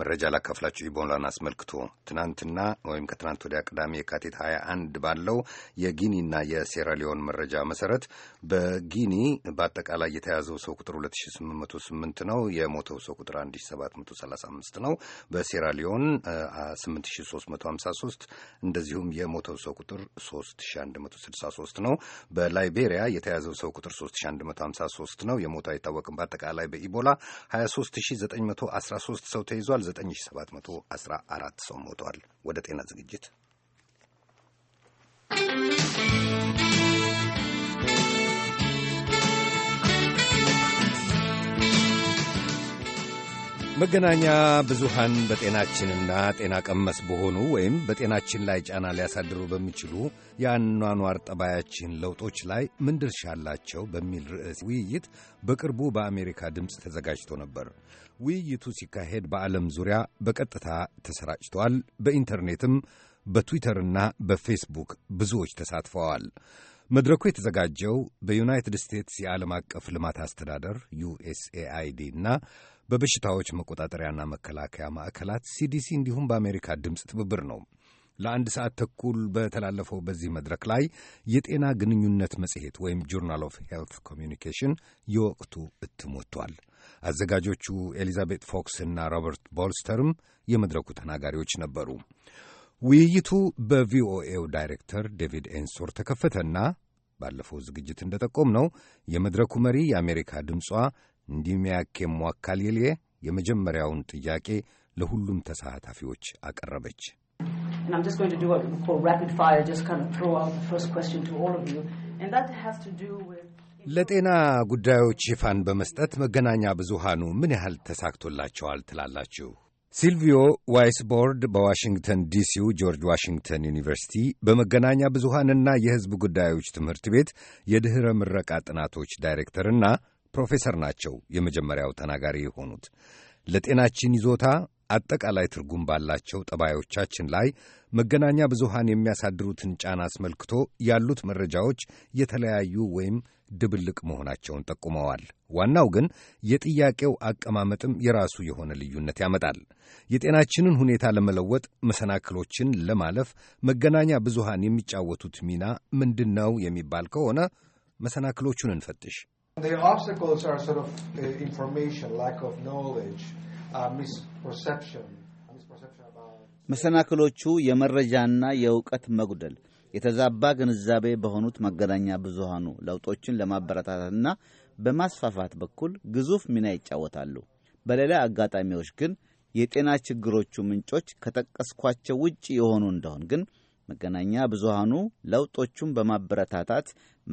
መረጃ ላካፍላችሁ። ኢቦላን አስመልክቶ ትናንትና ወይም ከትናንት ወዲያ ቅዳሜ የካቲት ሀያ ባለው የጊኒና የሴራሊዮን መረጃ መሰረት በጊኒ በአጠቃላይ የተያዘው ሰው ቁጥር 2808 ነው። የሞተው ሰው ቁጥር 1735 ነው። በሴራሊዮን 8353 እንደዚሁም የሞተው ሰው ቁጥር 3163 ነው። በላይቤሪያ የተያዘው ሰው ቁጥር 3153 ነው። መሞቱ አይታወቅም። በአጠቃላይ በኢቦላ 23913 ሰው ተይዟል። 9714 ሰው ሞተዋል። ወደ ጤና ዝግጅት መገናኛ ብዙሃን በጤናችንና ጤና ቀመስ በሆኑ ወይም በጤናችን ላይ ጫና ሊያሳድሩ በሚችሉ የአኗኗር ጠባያችን ለውጦች ላይ ምን ድርሻ አላቸው በሚል ርዕስ ውይይት በቅርቡ በአሜሪካ ድምፅ ተዘጋጅቶ ነበር። ውይይቱ ሲካሄድ በዓለም ዙሪያ በቀጥታ ተሰራጭቷል። በኢንተርኔትም በትዊተርና በፌስቡክ ብዙዎች ተሳትፈዋል። መድረኩ የተዘጋጀው በዩናይትድ ስቴትስ የዓለም አቀፍ ልማት አስተዳደር ዩኤስኤአይዲ እና በበሽታዎች መቆጣጠሪያና መከላከያ ማዕከላት ሲዲሲ እንዲሁም በአሜሪካ ድምፅ ትብብር ነው። ለአንድ ሰዓት ተኩል በተላለፈው በዚህ መድረክ ላይ የጤና ግንኙነት መጽሔት ወይም ጆርናል ኦፍ ሄልት ኮሚኒኬሽን የወቅቱ እትም ወጥቷል። አዘጋጆቹ ኤሊዛቤት ፎክስ እና ሮበርት ቦልስተርም የመድረኩ ተናጋሪዎች ነበሩ። ውይይቱ በቪኦኤው ዳይሬክተር ዴቪድ ኤንሶር ተከፈተና ባለፈው ዝግጅት እንደጠቆም ነው የመድረኩ መሪ የአሜሪካ ድምጿ እንዲሚያኬም የልየ የመጀመሪያውን ጥያቄ ለሁሉም ተሳታፊዎች አቀረበች። ለጤና ጉዳዮች ሽፋን በመስጠት መገናኛ ብዙሃኑ ምን ያህል ተሳክቶላቸዋል ትላላችሁ? ሲልቪዮ ዋይስቦርድ በዋሽንግተን ዲሲው ጆርጅ ዋሽንግተን ዩኒቨርሲቲ በመገናኛ ብዙሃንና የሕዝብ ጉዳዮች ትምህርት ቤት የድኅረ ምረቃ ጥናቶች ዳይሬክተርና ፕሮፌሰር ናቸው የመጀመሪያው ተናጋሪ የሆኑት። ለጤናችን ይዞታ አጠቃላይ ትርጉም ባላቸው ጠባዮቻችን ላይ መገናኛ ብዙሃን የሚያሳድሩትን ጫና አስመልክቶ ያሉት መረጃዎች የተለያዩ ወይም ድብልቅ መሆናቸውን ጠቁመዋል። ዋናው ግን የጥያቄው አቀማመጥም የራሱ የሆነ ልዩነት ያመጣል። የጤናችንን ሁኔታ ለመለወጥ መሰናክሎችን ለማለፍ መገናኛ ብዙሃን የሚጫወቱት ሚና ምንድን ነው የሚባል ከሆነ መሰናክሎቹን እንፈትሽ። The obstacles are sort of uh, information, lack of knowledge, uh, misperception. መሰናክሎቹ የመረጃና የእውቀት መጉደል፣ የተዛባ ግንዛቤ በሆኑት መገናኛ ብዙሃኑ ለውጦችን ለማበረታታትና በማስፋፋት በኩል ግዙፍ ሚና ይጫወታሉ። በሌላ አጋጣሚዎች ግን የጤና ችግሮቹ ምንጮች ከጠቀስኳቸው ውጭ የሆኑ እንደሆን ግን መገናኛ ብዙሃኑ ለውጦቹን በማበረታታት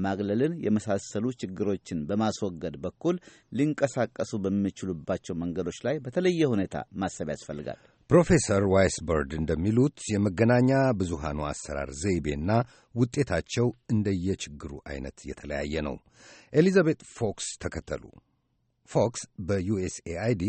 ማግለልን የመሳሰሉ ችግሮችን በማስወገድ በኩል ሊንቀሳቀሱ በሚችሉባቸው መንገዶች ላይ በተለየ ሁኔታ ማሰብ ያስፈልጋል። ፕሮፌሰር ዋይስበርድ እንደሚሉት የመገናኛ ብዙሃኑ አሰራር ዘይቤና ውጤታቸው እንደየችግሩ አይነት የተለያየ ነው። ኤሊዛቤት ፎክስ ተከተሉ። ፎክስ በዩኤስኤአይዲ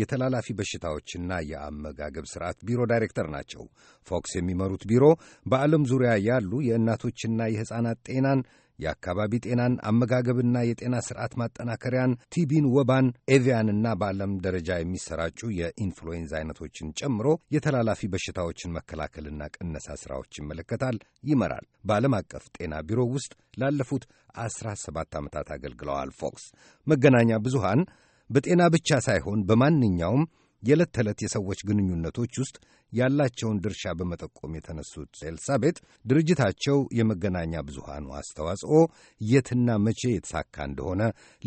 የተላላፊ በሽታዎችና የአመጋገብ ስርዓት ቢሮ ዳይሬክተር ናቸው። ፎክስ የሚመሩት ቢሮ በዓለም ዙሪያ ያሉ የእናቶችና የሕፃናት ጤናን የአካባቢ ጤናን፣ አመጋገብና የጤና ስርዓት ማጠናከሪያን፣ ቲቢን፣ ወባን፣ ኤቪያንና በዓለም ደረጃ የሚሰራጩ የኢንፍሉዌንዛ አይነቶችን ጨምሮ የተላላፊ በሽታዎችን መከላከልና ቅነሳ ስራዎች ይመለከታል፣ ይመራል። በዓለም አቀፍ ጤና ቢሮ ውስጥ ላለፉት አስራ ሰባት ዓመታት አገልግለዋል። ፎክስ መገናኛ ብዙሃን በጤና ብቻ ሳይሆን በማንኛውም የዕለት ተዕለት የሰዎች ግንኙነቶች ውስጥ ያላቸውን ድርሻ በመጠቆም የተነሱት ኤልሳቤጥ ድርጅታቸው የመገናኛ ብዙሃኑ አስተዋጽኦ የትና መቼ የተሳካ እንደሆነ፣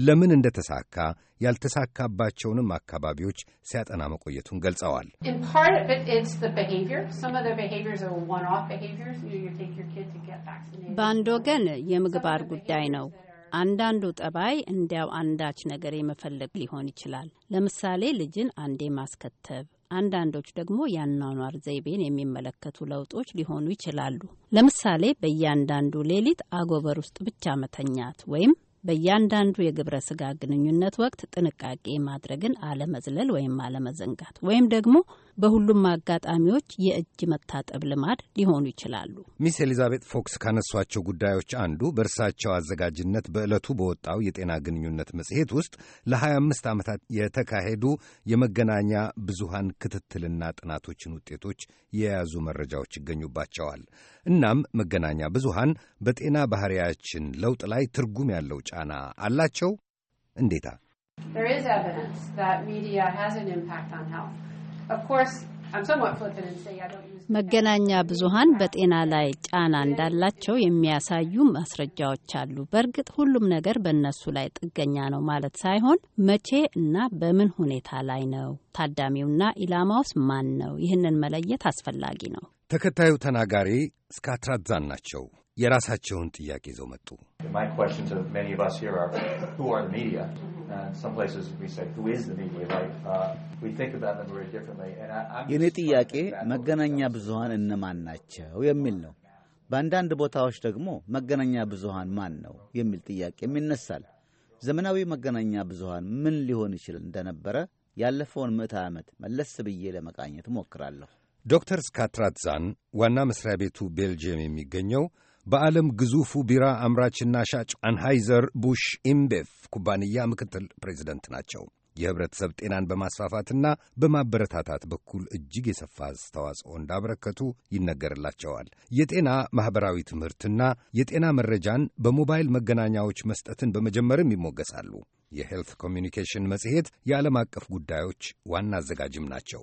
ለምን እንደተሳካ፣ ያልተሳካባቸውንም አካባቢዎች ሲያጠና መቆየቱን ገልጸዋል። በአንድ ወገን የምግባር ጉዳይ ነው። አንዳንዱ ጠባይ እንዲያው አንዳች ነገር የመፈለግ ሊሆን ይችላል። ለምሳሌ ልጅን አንዴ ማስከተብ አንዳንዶች ደግሞ የአኗኗር ዘይቤን የሚመለከቱ ለውጦች ሊሆኑ ይችላሉ። ለምሳሌ በእያንዳንዱ ሌሊት አጎበር ውስጥ ብቻ መተኛት ወይም በእያንዳንዱ የግብረ ስጋ ግንኙነት ወቅት ጥንቃቄ ማድረግን አለመዝለል ወይም አለመዘንጋት ወይም ደግሞ በሁሉም አጋጣሚዎች የእጅ መታጠብ ልማድ ሊሆኑ ይችላሉ። ሚስ ኤሊዛቤት ፎክስ ካነሷቸው ጉዳዮች አንዱ በእርሳቸው አዘጋጅነት በዕለቱ በወጣው የጤና ግንኙነት መጽሔት ውስጥ ለ25 ዓመታት የተካሄዱ የመገናኛ ብዙሃን ክትትልና ጥናቶችን ውጤቶች የያዙ መረጃዎች ይገኙባቸዋል። እናም መገናኛ ብዙሃን በጤና ባህሪያችን ለውጥ ላይ ትርጉም ያለው ጫና አላቸው? እንዴታ! There is evidence that media has an impact on health. መገናኛ ብዙሃን በጤና ላይ ጫና እንዳላቸው የሚያሳዩ ማስረጃዎች አሉ። በእርግጥ ሁሉም ነገር በእነሱ ላይ ጥገኛ ነው ማለት ሳይሆን መቼ እና በምን ሁኔታ ላይ ነው፣ ታዳሚውና ኢላማውስ ማን ነው? ይህንን መለየት አስፈላጊ ነው። ተከታዩ ተናጋሪ ስካትራዛን ናቸው። የራሳቸውን ጥያቄ ይዘው መጡ። Uh, የእኔ ጥያቄ መገናኛ ብዙሃን እነማን ናቸው የሚል ነው። በአንዳንድ ቦታዎች ደግሞ መገናኛ ብዙሃን ማን ነው የሚል ጥያቄም ይነሳል። ዘመናዊ መገናኛ ብዙሃን ምን ሊሆን ይችል እንደነበረ ያለፈውን ምዕተ ዓመት መለስ ብዬ ለመቃኘት እሞክራለሁ። ዶክተር ስካትራትዛን ዋና መሥሪያ ቤቱ ቤልጅየም የሚገኘው በዓለም ግዙፉ ቢራ አምራችና ሻጭ አንሃይዘር ቡሽ ኢምቤፍ ኩባንያ ምክትል ፕሬዚደንት ናቸው። የህብረተሰብ ጤናን በማስፋፋትና በማበረታታት በኩል እጅግ የሰፋ አስተዋጽኦ እንዳበረከቱ ይነገርላቸዋል። የጤና ማኅበራዊ ትምህርትና የጤና መረጃን በሞባይል መገናኛዎች መስጠትን በመጀመርም ይሞገሳሉ። የሄልት ኮሚኒኬሽን መጽሔት የዓለም አቀፍ ጉዳዮች ዋና አዘጋጅም ናቸው።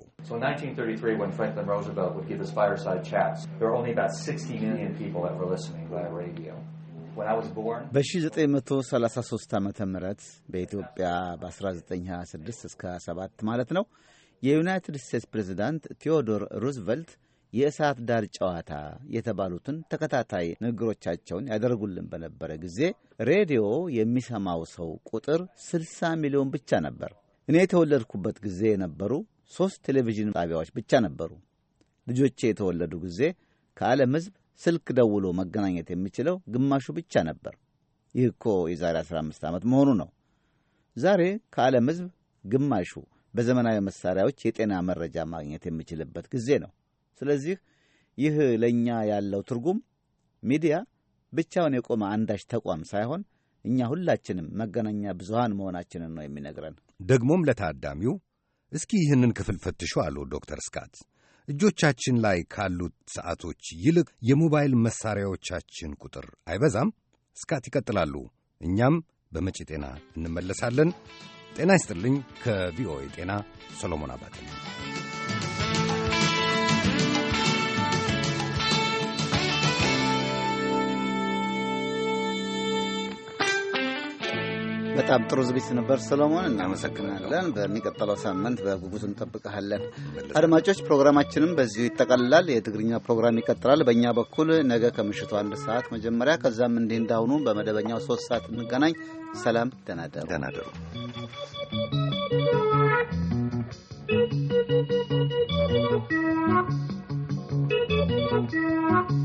በ1933 ዓ ም በኢትዮጵያ በ1926 እስከ 7 ማለት ነው የዩናይትድ ስቴትስ ፕሬዝዳንት ቴዎዶር ሩዝቨልት የእሳት ዳር ጨዋታ የተባሉትን ተከታታይ ንግግሮቻቸውን ያደርጉልን በነበረ ጊዜ ሬዲዮ የሚሰማው ሰው ቁጥር 60 ሚሊዮን ብቻ ነበር። እኔ የተወለድኩበት ጊዜ የነበሩ ሦስት ቴሌቪዥን ጣቢያዎች ብቻ ነበሩ። ልጆቼ የተወለዱ ጊዜ ከዓለም ሕዝብ ስልክ ደውሎ መገናኘት የሚችለው ግማሹ ብቻ ነበር። ይህ እኮ የዛሬ 15 ዓመት መሆኑ ነው። ዛሬ ከዓለም ሕዝብ ግማሹ በዘመናዊ መሳሪያዎች የጤና መረጃ ማግኘት የሚችልበት ጊዜ ነው። ስለዚህ ይህ ለእኛ ያለው ትርጉም ሚዲያ ብቻውን የቆመ አንዳች ተቋም ሳይሆን እኛ ሁላችንም መገናኛ ብዙሃን መሆናችንን ነው የሚነግረን። ደግሞም ለታዳሚው እስኪ ይህንን ክፍል ፈትሹ አሉ ዶክተር ስካት። እጆቻችን ላይ ካሉት ሰዓቶች ይልቅ የሞባይል መሣሪያዎቻችን ቁጥር አይበዛም? እስካት ይቀጥላሉ። እኛም በመጪ ጤና እንመለሳለን። ጤና ይስጥልኝ። ከቪኦኤ ጤና ሰሎሞን አባተ በጣም ጥሩ ዝግጅት ነበር ሰሎሞን፣ እናመሰግናለን። በሚቀጥለው ሳምንት በጉጉት እንጠብቀሃለን። አድማጮች፣ ፕሮግራማችንም በዚሁ ይጠቀልላል። የትግርኛ ፕሮግራም ይቀጥላል። በእኛ በኩል ነገ ከምሽቱ አንድ ሰዓት መጀመሪያ፣ ከዛም እንዲህ እንዳሁኑ በመደበኛው ሶስት ሰዓት እንገናኝ። ሰላም፣ ደናደሩ Thank you.